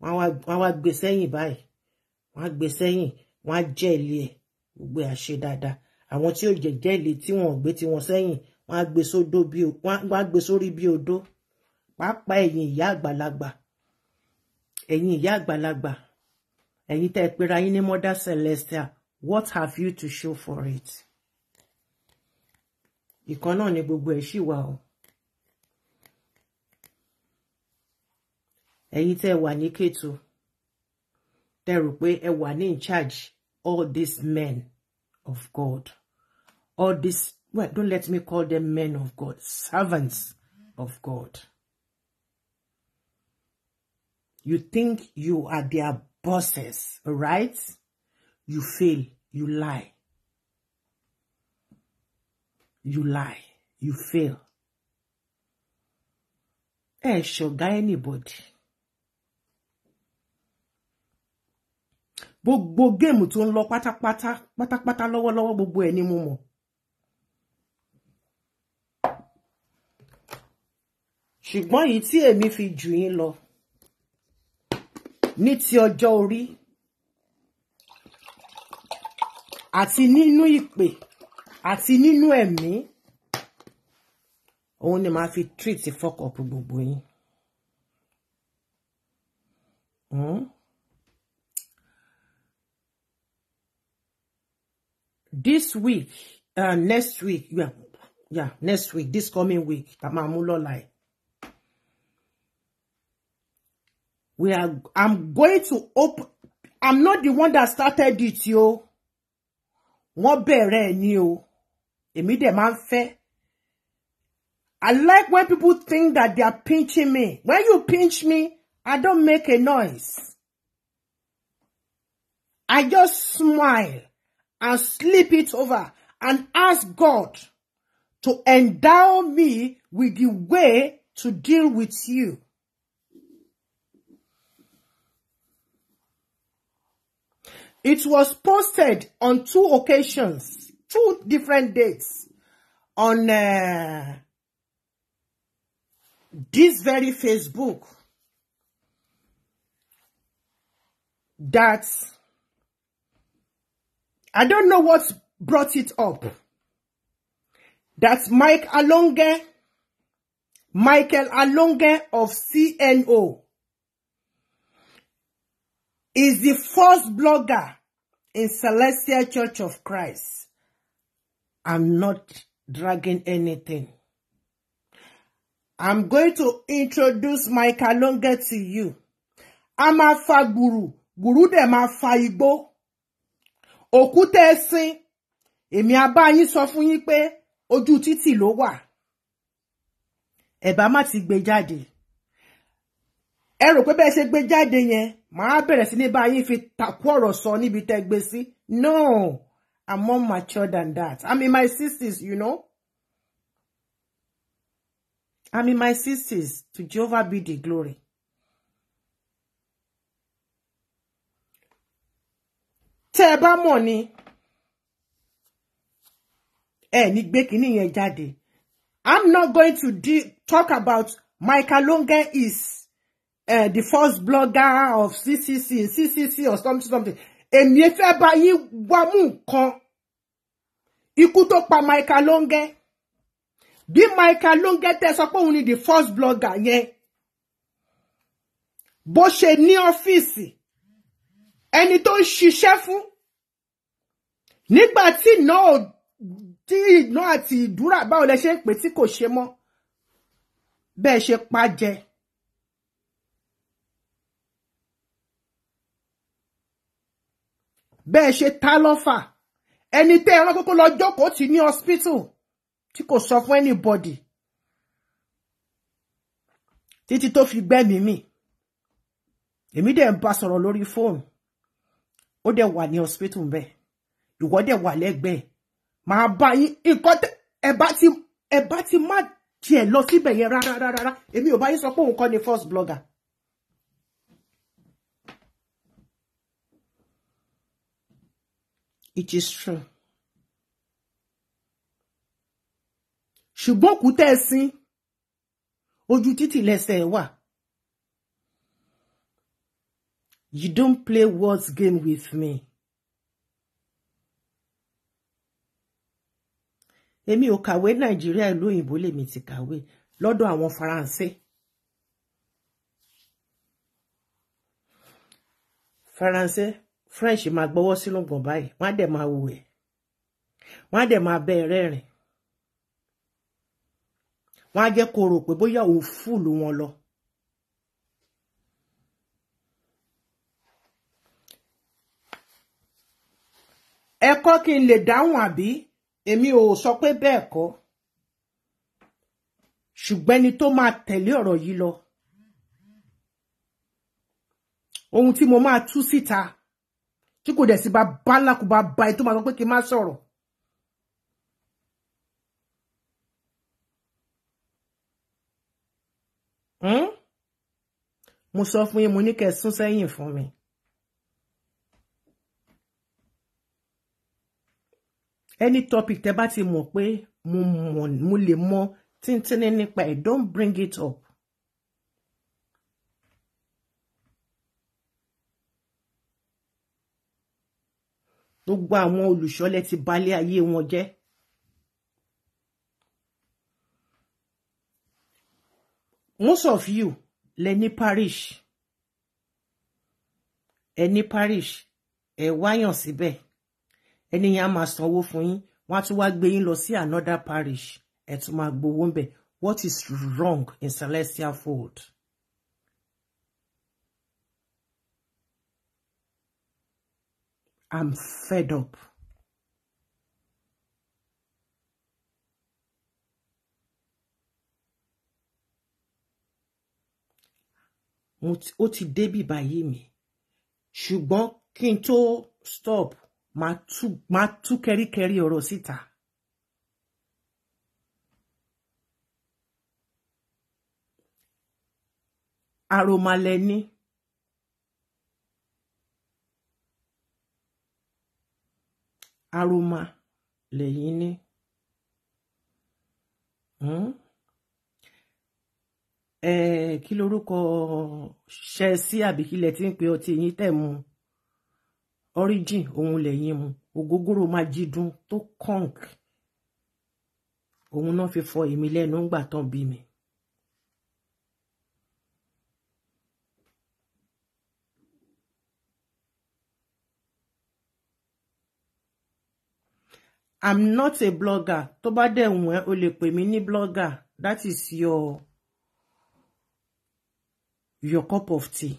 wọ́n á wá gbé sẹ́yìn báyìí wọ́n á gbé sẹ́yìn wọ́n á jẹ́ẹ̀lì ẹ̀ gbogbo àṣe dáadáa àwọn tí ò jẹ́ jẹ́ẹ̀lì tí wọ́n gbé tí wọ́n sẹ́yìn wọ́n á gbé sódó bí wọ́n á gbé sórí bí odó pàápàá ẹ̀yin ìyá àgbàlagbà ẹ̀yin ìyá àgbàlagbà ẹ̀yin tẹ́ pera yín ní mother Celestia. what have you to show for it ìkan náà ni gbogbo ẹ̀ ṣì wà o. ẹ̀yin tẹ́ wà ní Kétu tẹ́ rò pé ẹ wà ní in charge all these men of God all these well don't let me call them men of God servants of God you think you are their bosses right you fail you lie you lie you fail ẹ ṣọ̀gá anybody. gbogbo géèmù tó ń lọ pátápátá pátápátá lọ́wọ́lọ́wọ́ gbogbo ẹ̀ ni mo mọ̀ ṣùgbọ́n èyí tí èmi fi jù yín lọ ní ti ọjọ́ orí àti nínú ìpè àti nínú ẹ̀mí òun ni màá fi treat fọkọ̀pù gbogbo yín. Mm-hmm. this week uh, next week yeah, yeah next week this coming week tamamulola we are i'm going to open i'm not the one that started it yo What bẹ̀rẹ̀ new? ni I like when people think that they are pinching me. When you pinch me, I don't make a noise. I just smile and sleep it over and ask God to endow me with the way to deal with you. It was posted on two occasions, two different dates on uh, this very Facebook that I don't know what brought it up. That's Mike Alonge, Michael Alonge of CNO is the first blogger in Celestial Church of Christ. I'm not dragging anything. I'm going to introduce Michael Longe to you. I'm a fa guru. Guru dem fa igbo. òkú tẹ́ ẹ sin èmi abá yín sọ fún yín pé ojú títì ló wà ẹ̀bá má ti gbé jáde ẹ rò pé bẹ́ẹ̀ ṣe gbé jáde yẹn màá bẹ̀rẹ̀ sí ní bá yín fi tàkú ọ̀rọ̀ sọ níbi tẹ́ gbé sí no I'm more mature than that I'm in my sisters, you know I'm in my sisters to Jehovah be the glory. tẹ́ ẹ bá mọ̀ ni ẹ ní gbé kínní yẹn jáde i'm not going to talk about Michael Longe is uh, the first blogger of CCC, CCC or something, something. Èmi fẹ́ bá yín wá mú nǹkan. Ikú tó pa Michael Longe. Bí Michael Longe tẹ́ sọ pé òun ni the first blogger yẹn. Bó ṣe ní ọ́fíìsì ẹni tó ń ṣiṣẹ́ fún nígbà tí iná tí iná àti ìdúrà báwo lẹ ṣe ń pè tí kò ṣe mọ́ bẹ́ẹ̀ ṣe pa jẹ. bẹ́ẹ̀ ṣe ta lọ́fà ẹni tẹ́ ẹ rán kókó lọ jókòó tì ní hospital tí kò sọ fún anybody títí tó fi gbẹ́mìí mì èmi dẹ̀ ń bá sọ̀rọ̀ lórí fóònù ó dẹ̀ wà ní hospital ń bẹ̀ ìwọ dẹ̀ wà lẹ́gbẹ̀ẹ́ màá bá yín nǹkan tẹ ẹ bá ti ẹ bá ti má tiẹ̀ lọ síbẹ̀ yẹn rárá rárá èmi ò bá yín sọ pé òun kọ́ ni first blogger. It is true. ṣùgbọ́n òkú tẹ́ ẹ sin ojú títì lẹ́sẹ̀ wà. You don't play words game with me. Emi ò kàwé Nàìjíríà ìlú òyìnbó lèmi ti kàwé lọ́dọ̀ àwọn Faransé. Faransé French máa gbọ́wọ́ sínú gbọ̀n báyìí wọ́n á dẹ̀ máa wò ẹ̀ wọ́n á dẹ̀ máa bẹ́ ẹ rẹ́rìn-ín wọ́n á jẹ́ kó rò pé bóyá òun fúùlù wọn lọ. ẹ kọ́ kí n lè dáhùn àbí èmi ò sọ pé bẹ́ẹ̀ kọ́ ṣùgbọ́n ẹni tó máa tẹ̀lé ọ̀rọ̀ yìí lọ ohun tí mo máa tú síta tí kò dẹ̀ sí bá bálákùbá ba ẹ tó máa sọ pé kí n má sọ̀rọ̀. Hmm? mo sọ fún yín mo ní kẹ́ ẹ fún mi. any topic tẹ́ bá ti mọ̀ pé mo mọ̀ mo lè mọ̀ tíntínní nípa ẹ̀ don't bring it up. gbogbo àwọn olùṣọ́lẹ̀ ti balẹ̀ ayé wọn jẹ́. most of you lẹ ní parish ẹ ní parish ẹ wáyàn síbẹ̀. Si ẹni yẹn á máa sanwó fún yín wọ́n á tún wá gbé yín lọ sí another parish ẹ tún máa gbowó ń bẹ̀ what is wrong in celestial fold. I'm fed up. ó ti débì báyìí mi ṣùgbọ́n kí n tó stop máa tú máa tú kẹríkẹrí ọ̀rọ̀ síta. àròmalẹ ni. aroma lẹ́yìn ní. Hmm? Eh, kí lorúkọ ṣe sí àbí kí lẹ ti ń pe ọtí yín tẹ̀ mu origin òun lẹ́yìn mu ògógóró májídùn tó kọ́ǹk òun náà fi fọ èmi lẹ́nu ńgbà tán bí mi. I'm not a blogger tó bá dẹ̀ wọ́n ẹ́ o lè pè mí ní blogger that is your your cup of tea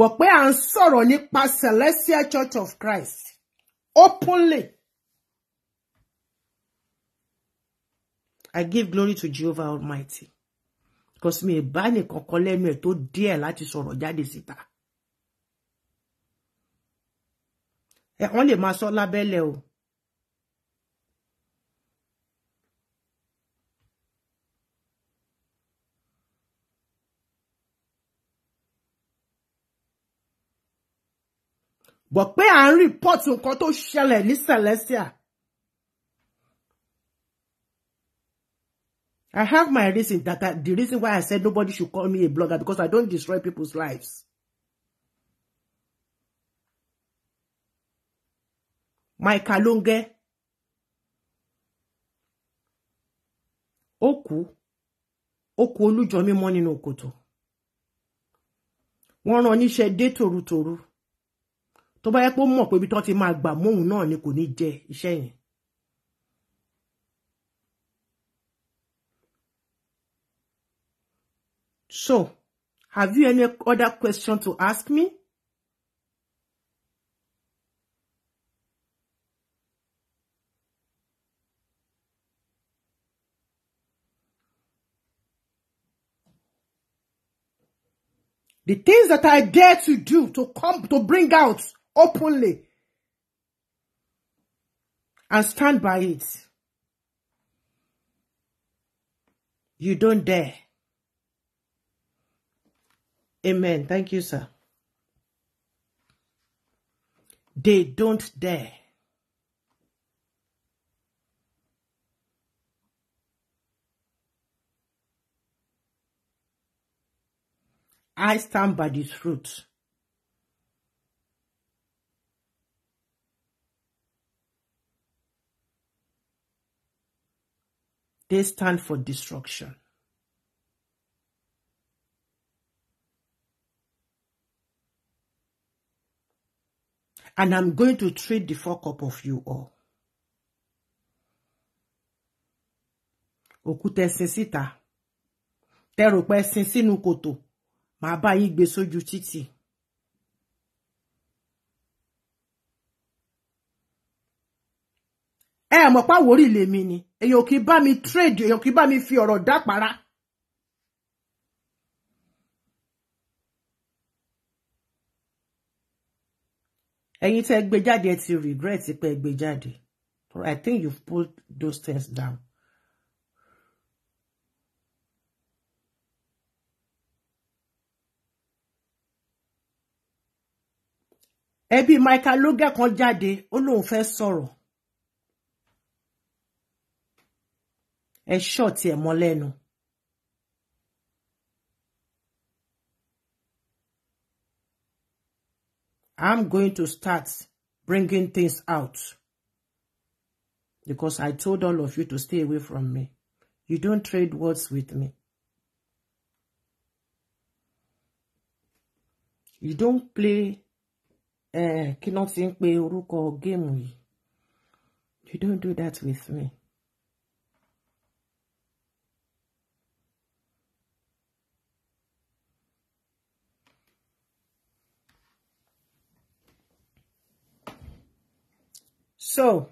but pé à ń sọ̀rọ̀ nípa Celestial Church of Christ openly. I give glory to Jehovah Almighty because mi ìbá nìkan kan lẹ́nu ẹ̀ tó díẹ̀ láti sọ̀rọ̀ jáde síta. Ẹ̀ wọ́n lè máa sọ lábẹ́lẹ̀ o. bọ̀ pé à ń rìpọ́ọ̀tì nǹkan tó ṣẹlẹ̀ ní Celestia. I have my reason that I, the reason why I said nobody should call me a blogger because I don't destroy people's lives. My Kalonge. Oku, oku Ó kú Olújọmí mọ́ nínú kòtò. Wọ́n rán níṣẹ́ dé tòrutòru tó bá yẹ pé ó mọ̀ pé ibi tó ti máa gbà móhùn náà ni kò ní jẹ iṣẹ́ yẹn. So, have you any other question to ask me? The things that I dare to do to come to bring out openly and stand by it. You don't dare. Amen. Thank you, sir. They don't dare. I stand by the truth. They stand for destruction. And I'm going to treat the fuck up of you all. Òkúta ẹ̀sìn síta. Tẹ́rù pẹ́ sin sínú kòtò. Màá bá yín gbé ẹ mọ̀ pa Àwórì lèmi ni èyàn kì í bá mi trade èyàn kì í bá mi fi ọ̀rọ̀ dápara. ẹ̀yin tẹ́ gbé jáde ẹ ti regret pé ẹ gbé jáde I think you've put those things down. ẹbí Michael Logan kan jáde ó lóun fẹ́ sọ̀rọ̀ ẹ ṣọ́ọ̀tì ẹ̀ mọ́ lẹ́nu. I'm going to start bringing things out because I told all of you to stay away from me. You don't trade words with me. You don't play eh, kí náà ti ń pe orúkọ géèmù yìí. You don't do that with me. So,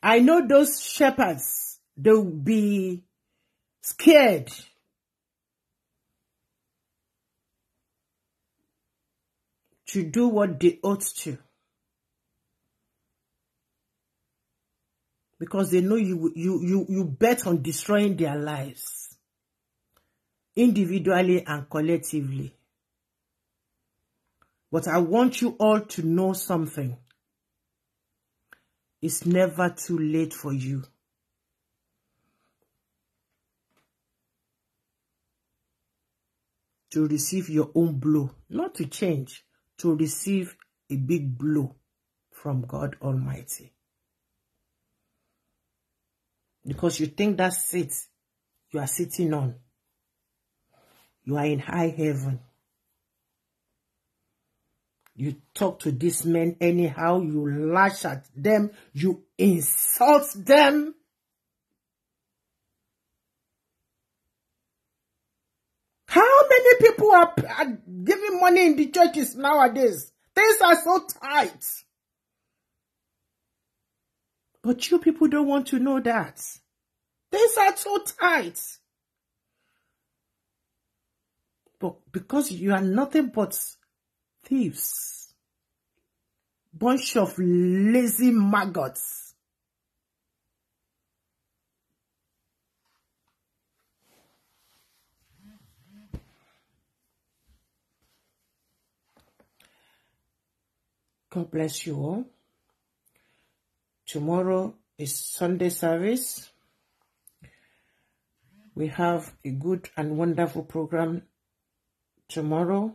I know those shepherds, they'll be scared. To do what they ought to. Because they know you, you, you, you bet on destroying their lives. Individually and collectively. But I want you all to know something. It's never too late for you. To receive your own blow, not to change, to receive a big blow from God Almighty. Because you think that's it you are sitting on. You are in high heaven. You talk to these men anyhow. You lash at them. You insult them. How many people are, are giving money in the churches nowadays? Things are so tight. But you people don't want to know that. Things are so tight. But because you are nothing but thieves, bunch of lazy maggots. God bless you all. Tomorrow is Sunday service. We have a good and wonderful program tomorrow.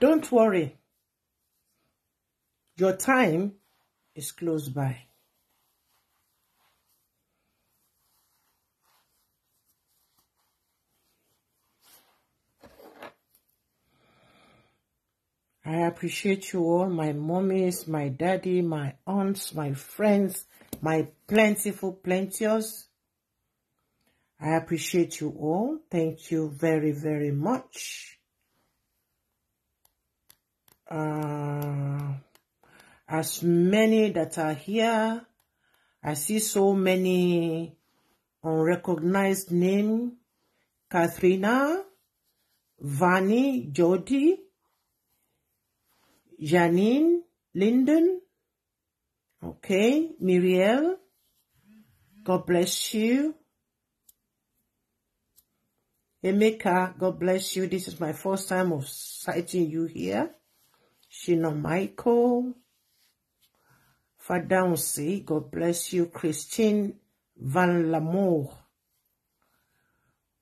Don't worry. Your time is close by. I appreciate you all, my mummies, my daddy, my aunts, my friends, my plentiful plenteous. I appreciate you all. Thank you very, very much. Uh, as many that are here, I see so many unrecognized name. Kathrina, Vani, Jody, Janine, Linden, okay, Muriel, God bless you. Emeka, God bless you. This is my first time of citing you here. Shino Michael. Fadansi, God bless you. Christine Van Lamour.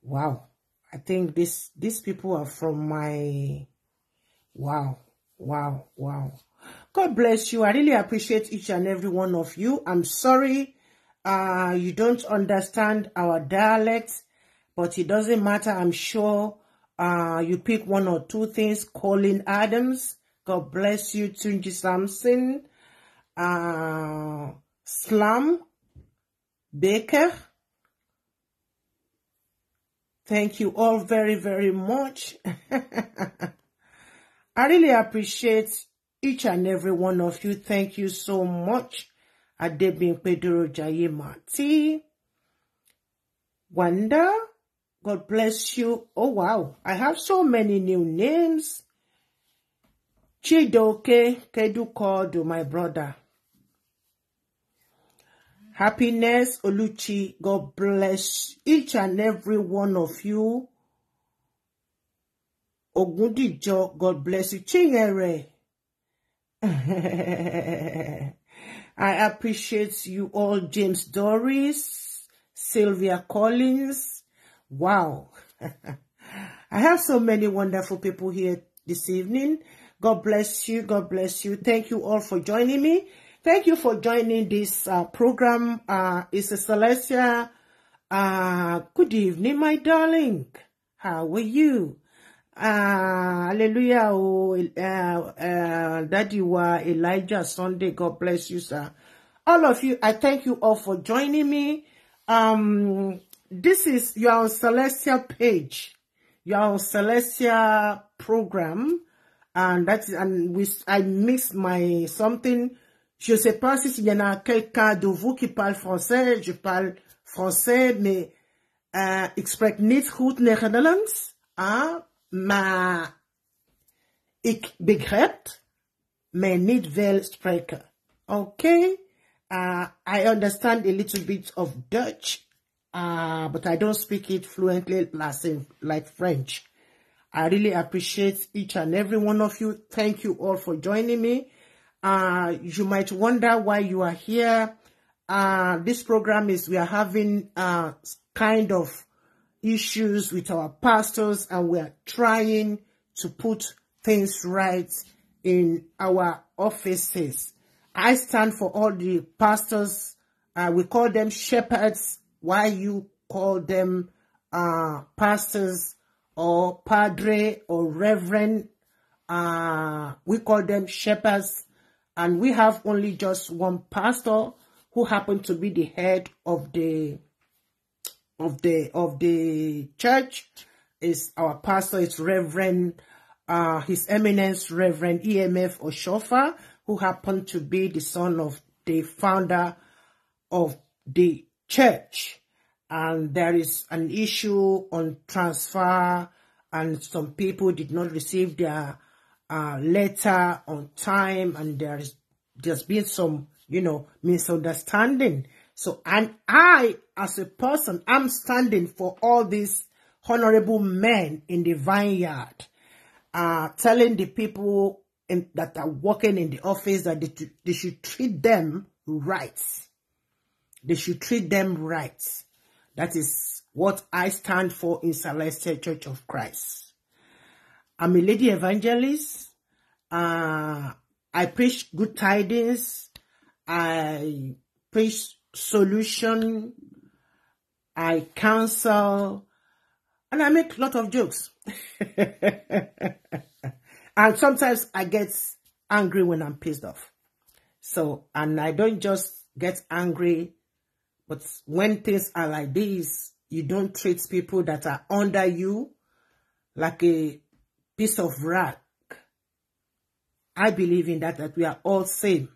Wow. I think this these people are from my wow, wow, wow. God bless you. I really appreciate each and every one of you. I'm sorry uh, you don't understand our dialect, but it doesn't matter. I'm sure uh, you pick one or two things. Colin Adams, God bless you, Tunji Samson, uh, Slam, Baker. Thank you all very, very much. I really appreciate each and every one of you. Thank you so much. Adebin Pedro Jayemati. Wanda, God bless you. Oh, wow. I have so many new names. Chidoke Kedukodu, my brother. Happiness, Oluchi, God bless each and every one of you. Ogundijo, God bless you. Chingere. I appreciate you all, James Doris, Sylvia Collins. Wow. I have so many wonderful people here this evening. God bless you. God bless you. Thank you all for joining me. Thank you for joining this uh, program. Uh, it's a Celestia. Uh, good evening, my darling. How are you? Uh, hallelujah. Oh, uh, uh, Daddy wa Elijah Sunday. God bless you, sir. All of you, I thank you all for joining me. Um, this is your Celestia page, your Celestia program and that is and we I mix my something. Je sais pas si y en a quelqu'un de vous qui parle français. Je parle français, mais uh, ik spreek niet goed Nederlands. Ah, Maar ik begrijp, maar niet wel spreken. Okay, uh, I understand a little bit of Dutch, uh, but I don't speak it fluently like, like French. I really appreciate each and every one of you. Thank you all for joining me. Uh, you might wonder why you are here. Uh, this program is we are having uh, kind of issues with our pastors and we are trying to put things right in our offices. I stand for all the pastors. Uh, we call them shepherds. Why you call them uh, pastors? or padre or reverend. Uh, we call them shepherds. And we have only just one pastor who happened to be the head of the of the of the church. Is our pastor is Reverend uh, His Eminence Reverend EMF Oshofa, who happened to be the son of the founder of the church and there is an issue on transfer and some people did not receive their uh, letter on time and there is there's been some you know misunderstanding so and i as a person i'm standing for all these honorable men in the vineyard uh, telling the people in, that are working in the office that they, they should treat them right they should treat them right that is what I stand for in Celestial Church of Christ. I'm a lady evangelist. Uh, I preach good tidings. I preach solution. I counsel. And I make a lot of jokes. and sometimes I get angry when I'm pissed off. So, and I don't just get angry but when things are like this, you don't treat people that are under you like a piece of rag. I believe in that, that we are all same.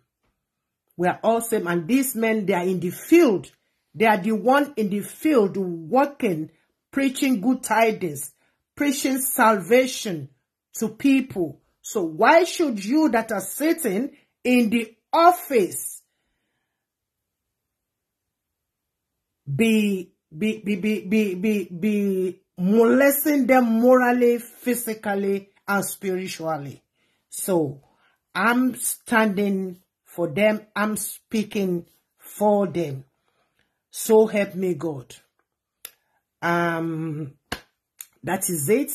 We are all same. And these men, they are in the field. They are the one in the field working, preaching good tidings, preaching salvation to people. So why should you that are sitting in the office be be be be be be, be molesting them morally, physically, and spiritually. So I'm standing for them. I'm speaking for them. So help me God. Um, that is it.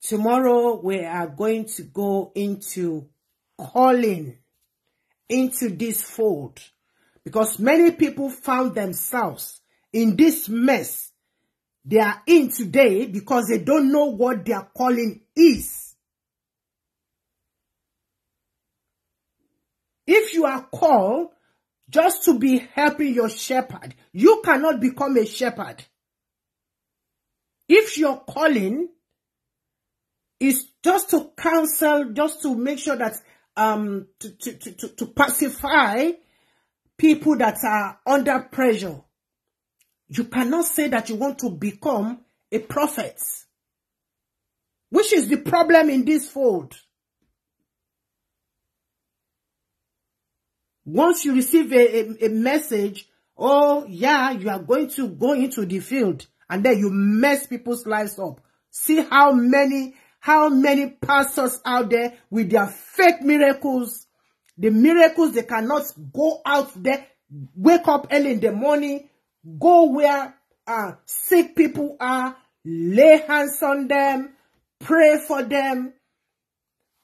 Tomorrow we are going to go into calling into this fold because many people found themselves in this mess they are in today because they don't know what their calling is. If you are called just to be helping your shepherd, you cannot become a shepherd. If your calling is just to counsel, just to make sure that um to, to, to, to pacify people that are under pressure you cannot say that you want to become a prophet, which is the problem in this fold. Once you receive a, a, a message, oh yeah, you are going to go into the field and then you mess people's lives up. See how many, how many pastors out there with their fake miracles, the miracles they cannot go out there, wake up early in the morning, Go where uh, sick people are, lay hands on them, pray for them,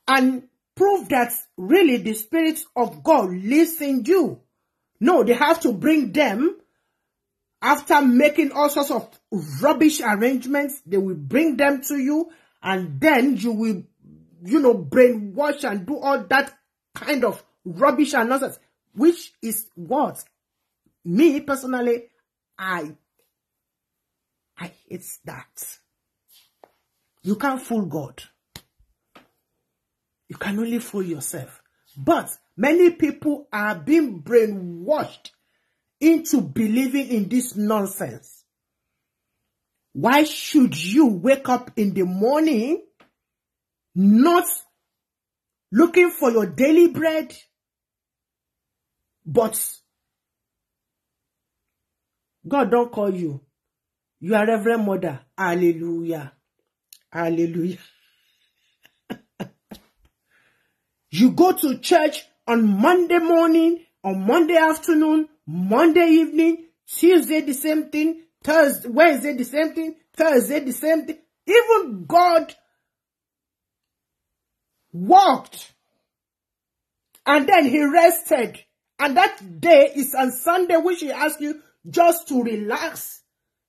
and prove that really the Spirit of God lives in you. No, they have to bring them after making all sorts of rubbish arrangements. They will bring them to you and then you will, you know, brainwash and do all that kind of rubbish and nonsense, which is what me personally I I it's that. You can't fool God. You can only fool yourself. But many people are being brainwashed into believing in this nonsense. Why should you wake up in the morning not looking for your daily bread, but God don't call you. You are Reverend Mother. Hallelujah. Hallelujah. you go to church on Monday morning, on Monday afternoon, Monday evening, Tuesday the same thing, Thursday, Wednesday the same thing, Thursday the same thing. Even God walked and then he rested. And that day is on Sunday, which he asked you just to relax,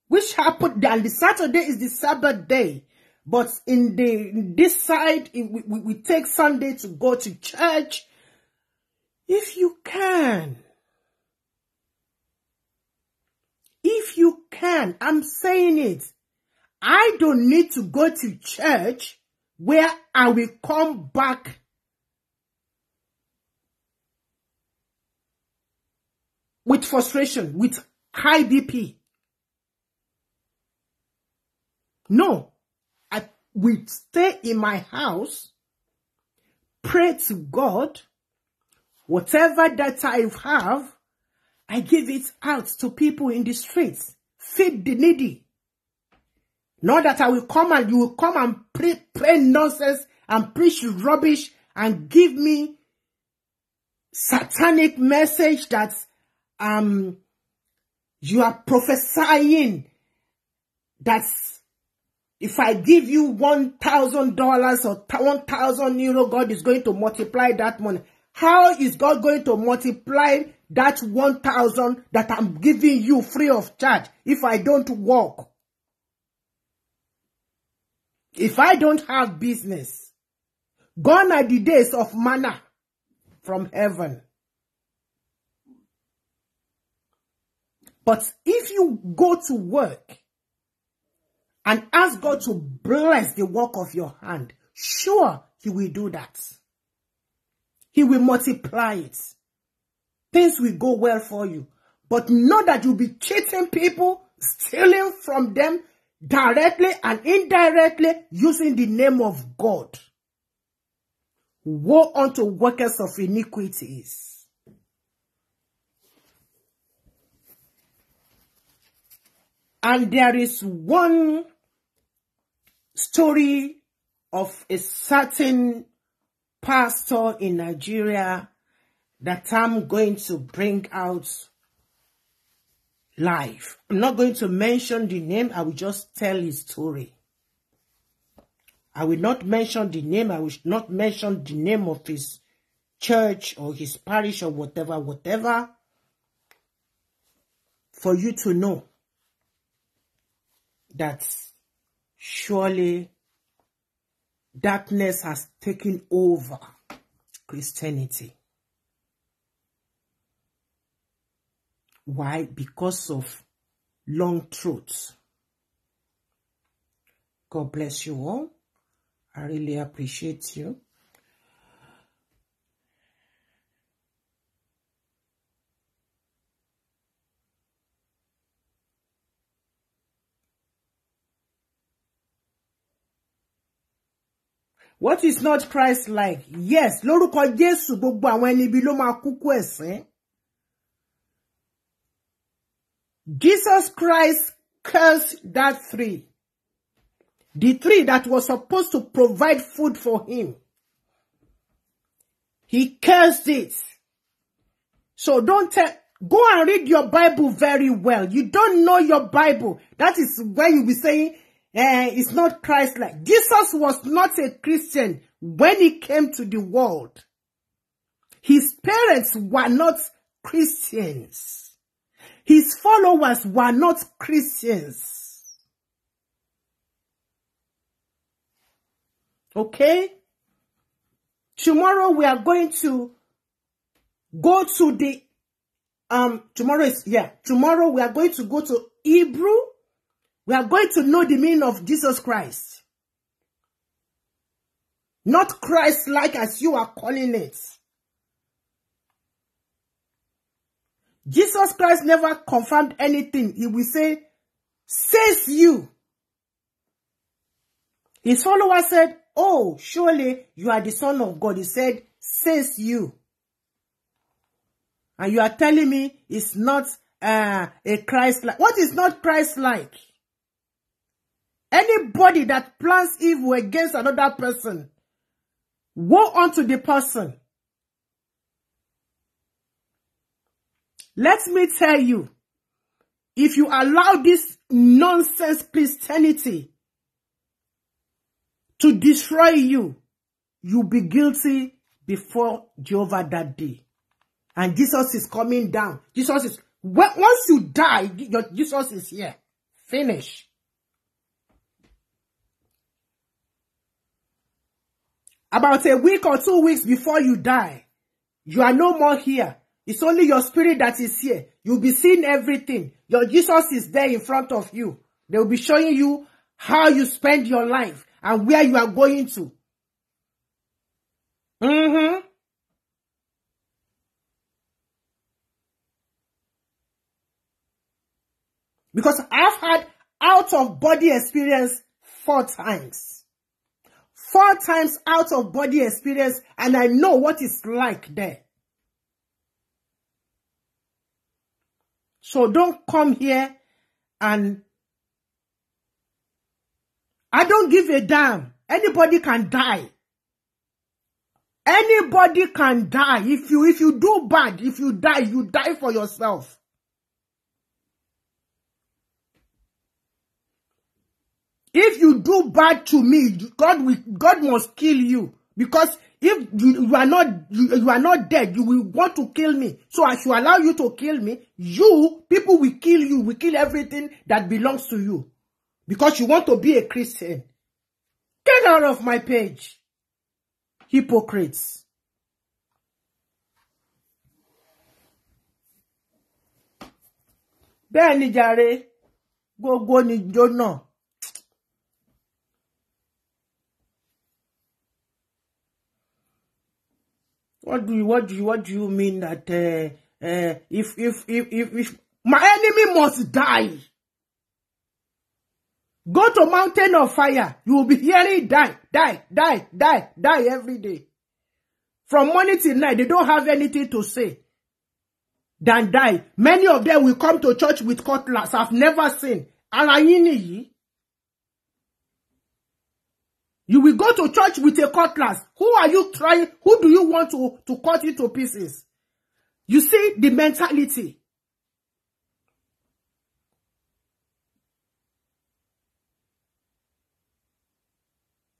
which happened that the Saturday is the Sabbath day. But in the in this side, we, we take Sunday to go to church. If you can, if you can, I'm saying it. I don't need to go to church where I will come back with frustration, with high BP. No, I will stay in my house, pray to God, whatever that I have, I give it out to people in the streets, feed the needy. Not that I will come and you will come and pray, pray nonsense and preach rubbish and give me satanic message that um You are prophesying that if I give you one thousand dollars or one thousand euro, God is going to multiply that money. How is God going to multiply that one thousand that I'm giving you free of charge if I don't work? If I don't have business, gone are the days of manna from heaven. But if you go to work and ask God to bless the work of your hand, sure, He will do that. He will multiply it. Things will go well for you. But know that you'll be cheating people, stealing from them directly and indirectly using the name of God. Woe unto workers of iniquities. And there is one story of a certain pastor in Nigeria that I'm going to bring out live. I'm not going to mention the name. I will just tell his story. I will not mention the name. I will not mention the name of his church or his parish or whatever, whatever. For you to know. that surely darkness has taken over Christianity. Why? Because of long truths. God bless you all. I really appreciate you. What is not Christ like? Yes, lórúkọ Jésù gbogbo àwọn ẹni ibi ló máa kúkú ẹ̀sìn. Jesus Christ cursed that tree. The tree that was supposed to provide food for him. He cursed it. So don't tell, go and read your Bible very well. You don't know your Bible. That is why you be saying, Uh, it's not Christ-like. Jesus was not a Christian when he came to the world. His parents were not Christians. His followers were not Christians. Okay? Tomorrow we are going to go to the, um, tomorrow is, yeah, tomorrow we are going to go to Hebrew we are going to know the meaning of Jesus Christ. Not Christ-like as you are calling it. Jesus Christ never confirmed anything. He will say, says you. His followers said, oh, surely you are the son of God. He said, says you. And you are telling me it's not uh, a Christ-like. What is not Christ-like? Anybody that plans evil against another person, woe unto the person. Let me tell you, if you allow this nonsense Christianity to destroy you, you'll be guilty before Jehovah that day. And Jesus is coming down. Jesus is, once you die, your Jesus is here. Finish. About a week or two weeks before you die, you are no more here. It's only your spirit that is here. You'll be seeing everything. Your Jesus is there in front of you. They'll be showing you how you spend your life and where you are going to. Mm-hmm. Because I've had out of body experience four times four times out of body experience, and I know what it's like there. So don't come here and I don't give a damn. Anybody can die. Anybody can die. If you if you do bad, if you die, you die for yourself. If you do bad to me, God will, God must kill you because if you, you are not you, you are not dead, you will want to kill me. So I should allow you to kill me. You people will kill you, will kill everything that belongs to you because you want to be a Christian. Get out of my page, hypocrites. Bẹ́ẹ̀ ni jàre, gbogbo ni jó What do you what do you what do you mean that uh, uh, if, if if if if my enemy must die? Go to mountain of fire. You will be hearing die, die, die, die, die every day. From morning till night, they don't have anything to say than die. Many of them will come to church with cutlass. I've never seen. Ara yín You will go to church with a cutlass. Who are you trying? Who do you want to, to cut into pieces? You see the mentality.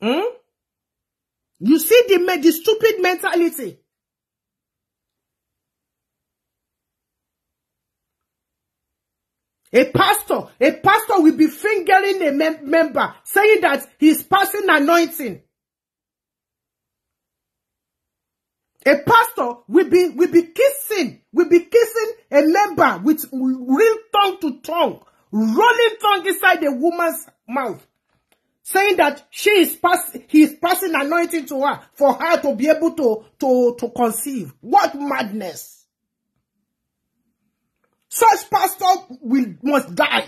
Hmm? You see the, the stupid mentality. A pastor, a pastor will be fingering a mem- member, saying that he's passing anointing. A pastor will be will be kissing, will be kissing a member with real tongue to tongue, rolling tongue inside a woman's mouth, saying that she is pass, he is passing anointing to her for her to be able to to to conceive. What madness! Such pastor will must die.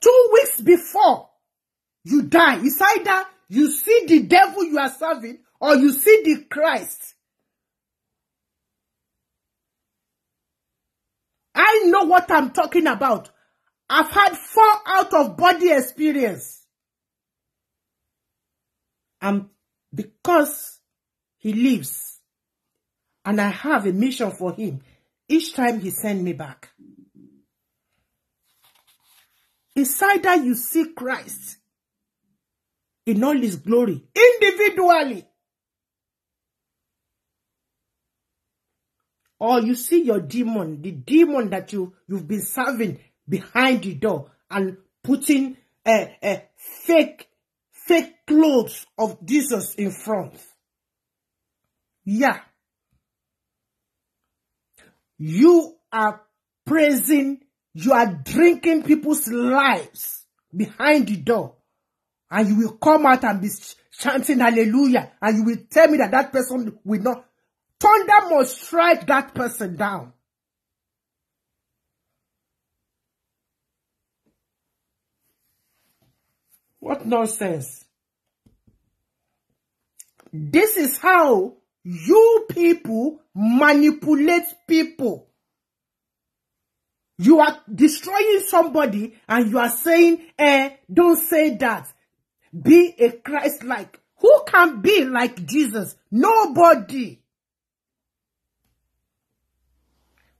Two weeks before you die, it's either you see the devil you are serving or you see the Christ. I know what I'm talking about. I've had four out of body experience. And because he lives and I have a mission for him, each time he sends me back. It's either you see Christ in all his glory, individually, or you see your demon, the demon that you, you've been serving behind the door and putting uh, uh, fake fake clothes of Jesus in front. Yeah. You are praising, you are drinking people's lives behind the door. And you will come out and be chanting hallelujah. And you will tell me that that person will not. Thunder must strike that person down. What nonsense. This is how you people manipulate people. You are destroying somebody and you are saying, eh, don't say that. Be a Christ-like. Who can be like Jesus? Nobody.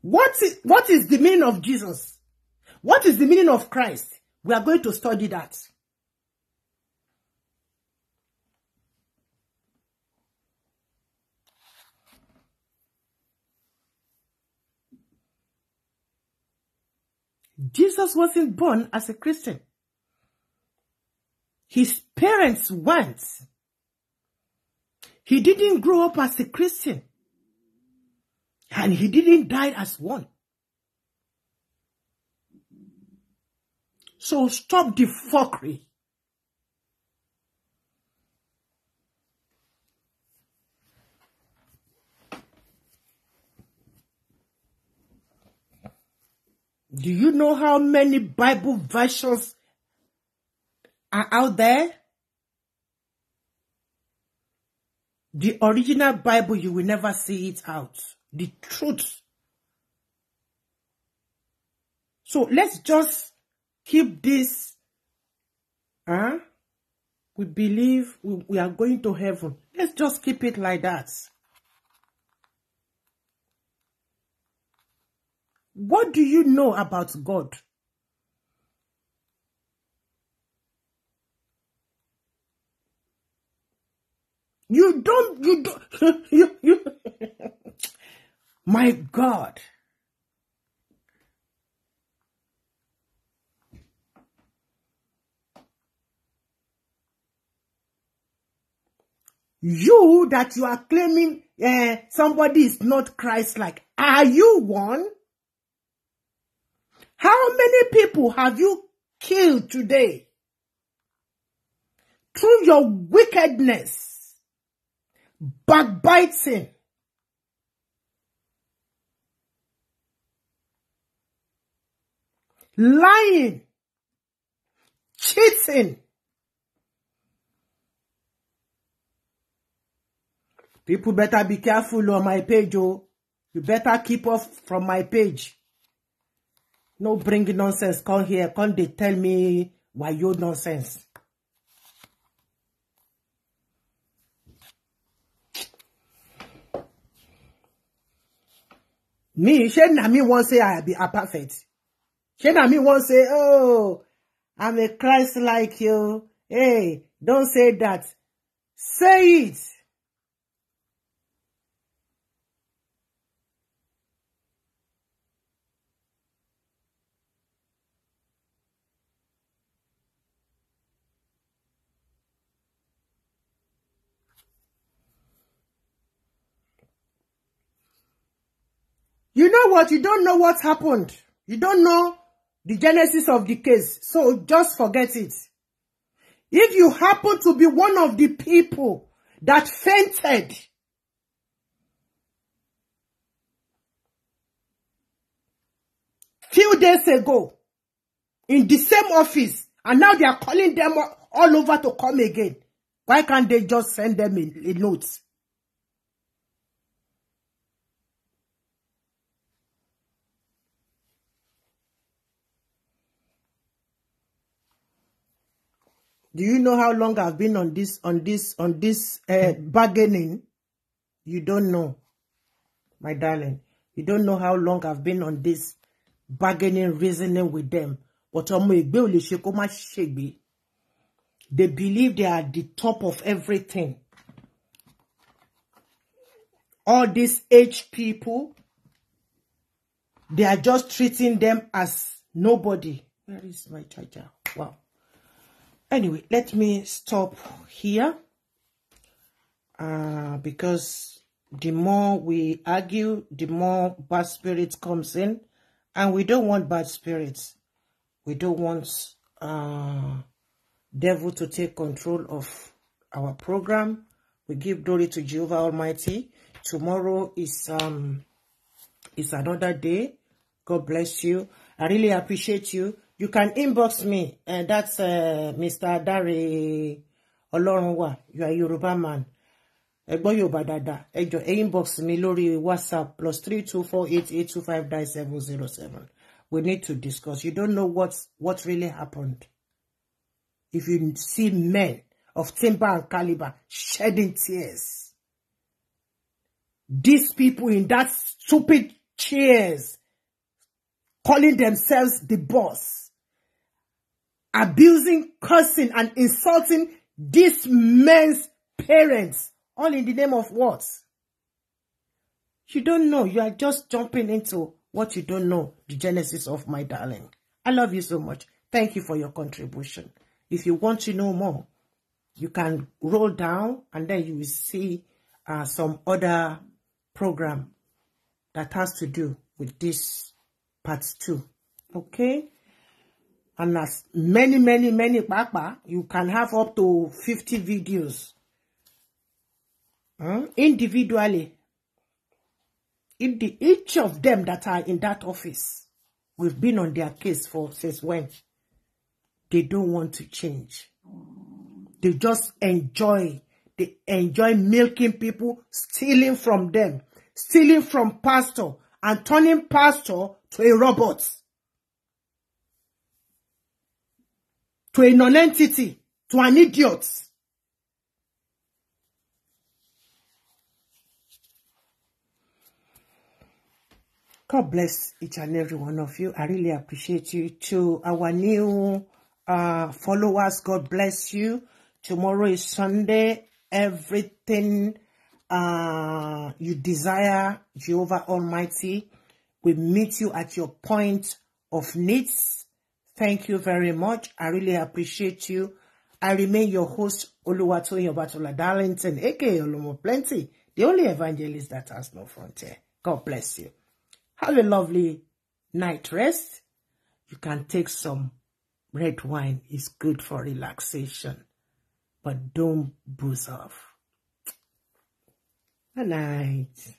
What is, what is the meaning of Jesus? What is the meaning of Christ? We are going to study that. Jesus wasn't born as a Christian. His parents weren't. He didn't grow up as a Christian. And he didn't die as one. So stop the fuckery Do you know how many Bible versions are out there? The original Bible, you will never see it out. The truth. So let's just keep this. Huh? We believe we, we are going to heaven. Let's just keep it like that. What do you know about God? You don't, you don't, you, you, my God. You that you are claiming uh, somebody is not Christ like, are you one? How many people have you killed today through your wickedness, backbiting? Lying, cheating. People better be careful on my page, oh. You better keep off from my page no bring nonsense come here come They tell me why you nonsense me she na me won't say i be a perfect She na me won't say oh i'm a christ like you hey don't say that say it You know what? You don't know what happened. You don't know the genesis of the case. So just forget it. If you happen to be one of the people that fainted, few days ago in the same office and now they are calling them all over to come again. Why can't they just send them a, a note? Do you know how long I've been on this on this on this uh, bargaining? You don't know, my darling. You don't know how long I've been on this bargaining, reasoning with them. But ọmọ ẹgbẹ́ ò lè They believe they are the top of everything. All these aged people, they are just treating them as nobody. Where is my charger? Wow. anyway let me stop here uh, because the more we argue the more bad spirits comes in and we don't want bad spirits we don't want uh, devil to take control of our program we give glory to jehovah almighty tomorrow is um is another day god bless you i really appreciate you you can inbox me uh, eh, that's uh, eh, Mr. Dare Ọlọ́runwà you are Yoruba man ẹgbọ́n Yorùbá dáadáa ẹjọ inbox mi lórí WhatsApp plus three two four eight eight two five nine seven zero seven we need to discuss you don't know what what really happened if you see men of timber and calibre shedding tears these people in that stupid chairs calling themselves the boss. abusing, cursing, and insulting these men's parents, all in the name of what? You don't know. You are just jumping into what you don't know, the genesis of my darling. I love you so much. Thank you for your contribution. If you want to know more, you can roll down and then you will see uh, some other program that has to do with this part two. Okay? and as many many many papa you can have up to 50 videos hmm? individually in the, each of them that are in that office we've been on their case for since when they don't want to change they just enjoy they enjoy milking people stealing from them stealing from pastor and turning pastor to a robot to a nonentity, to an idiot. God bless each and every one of you. I really appreciate you. To our new uh, followers, God bless you. Tomorrow is Sunday. Everything uh, you desire, Jehovah Almighty, will meet you at your point of needs. Thank you very much. I really appreciate you. I remain your host, Oluwatoyin Obatola Darlington, aka Olumo Plenty, the only evangelist that has no frontier. God bless you. Have a lovely night rest. You can take some red wine. It's good for relaxation. But don't booze off. Good night.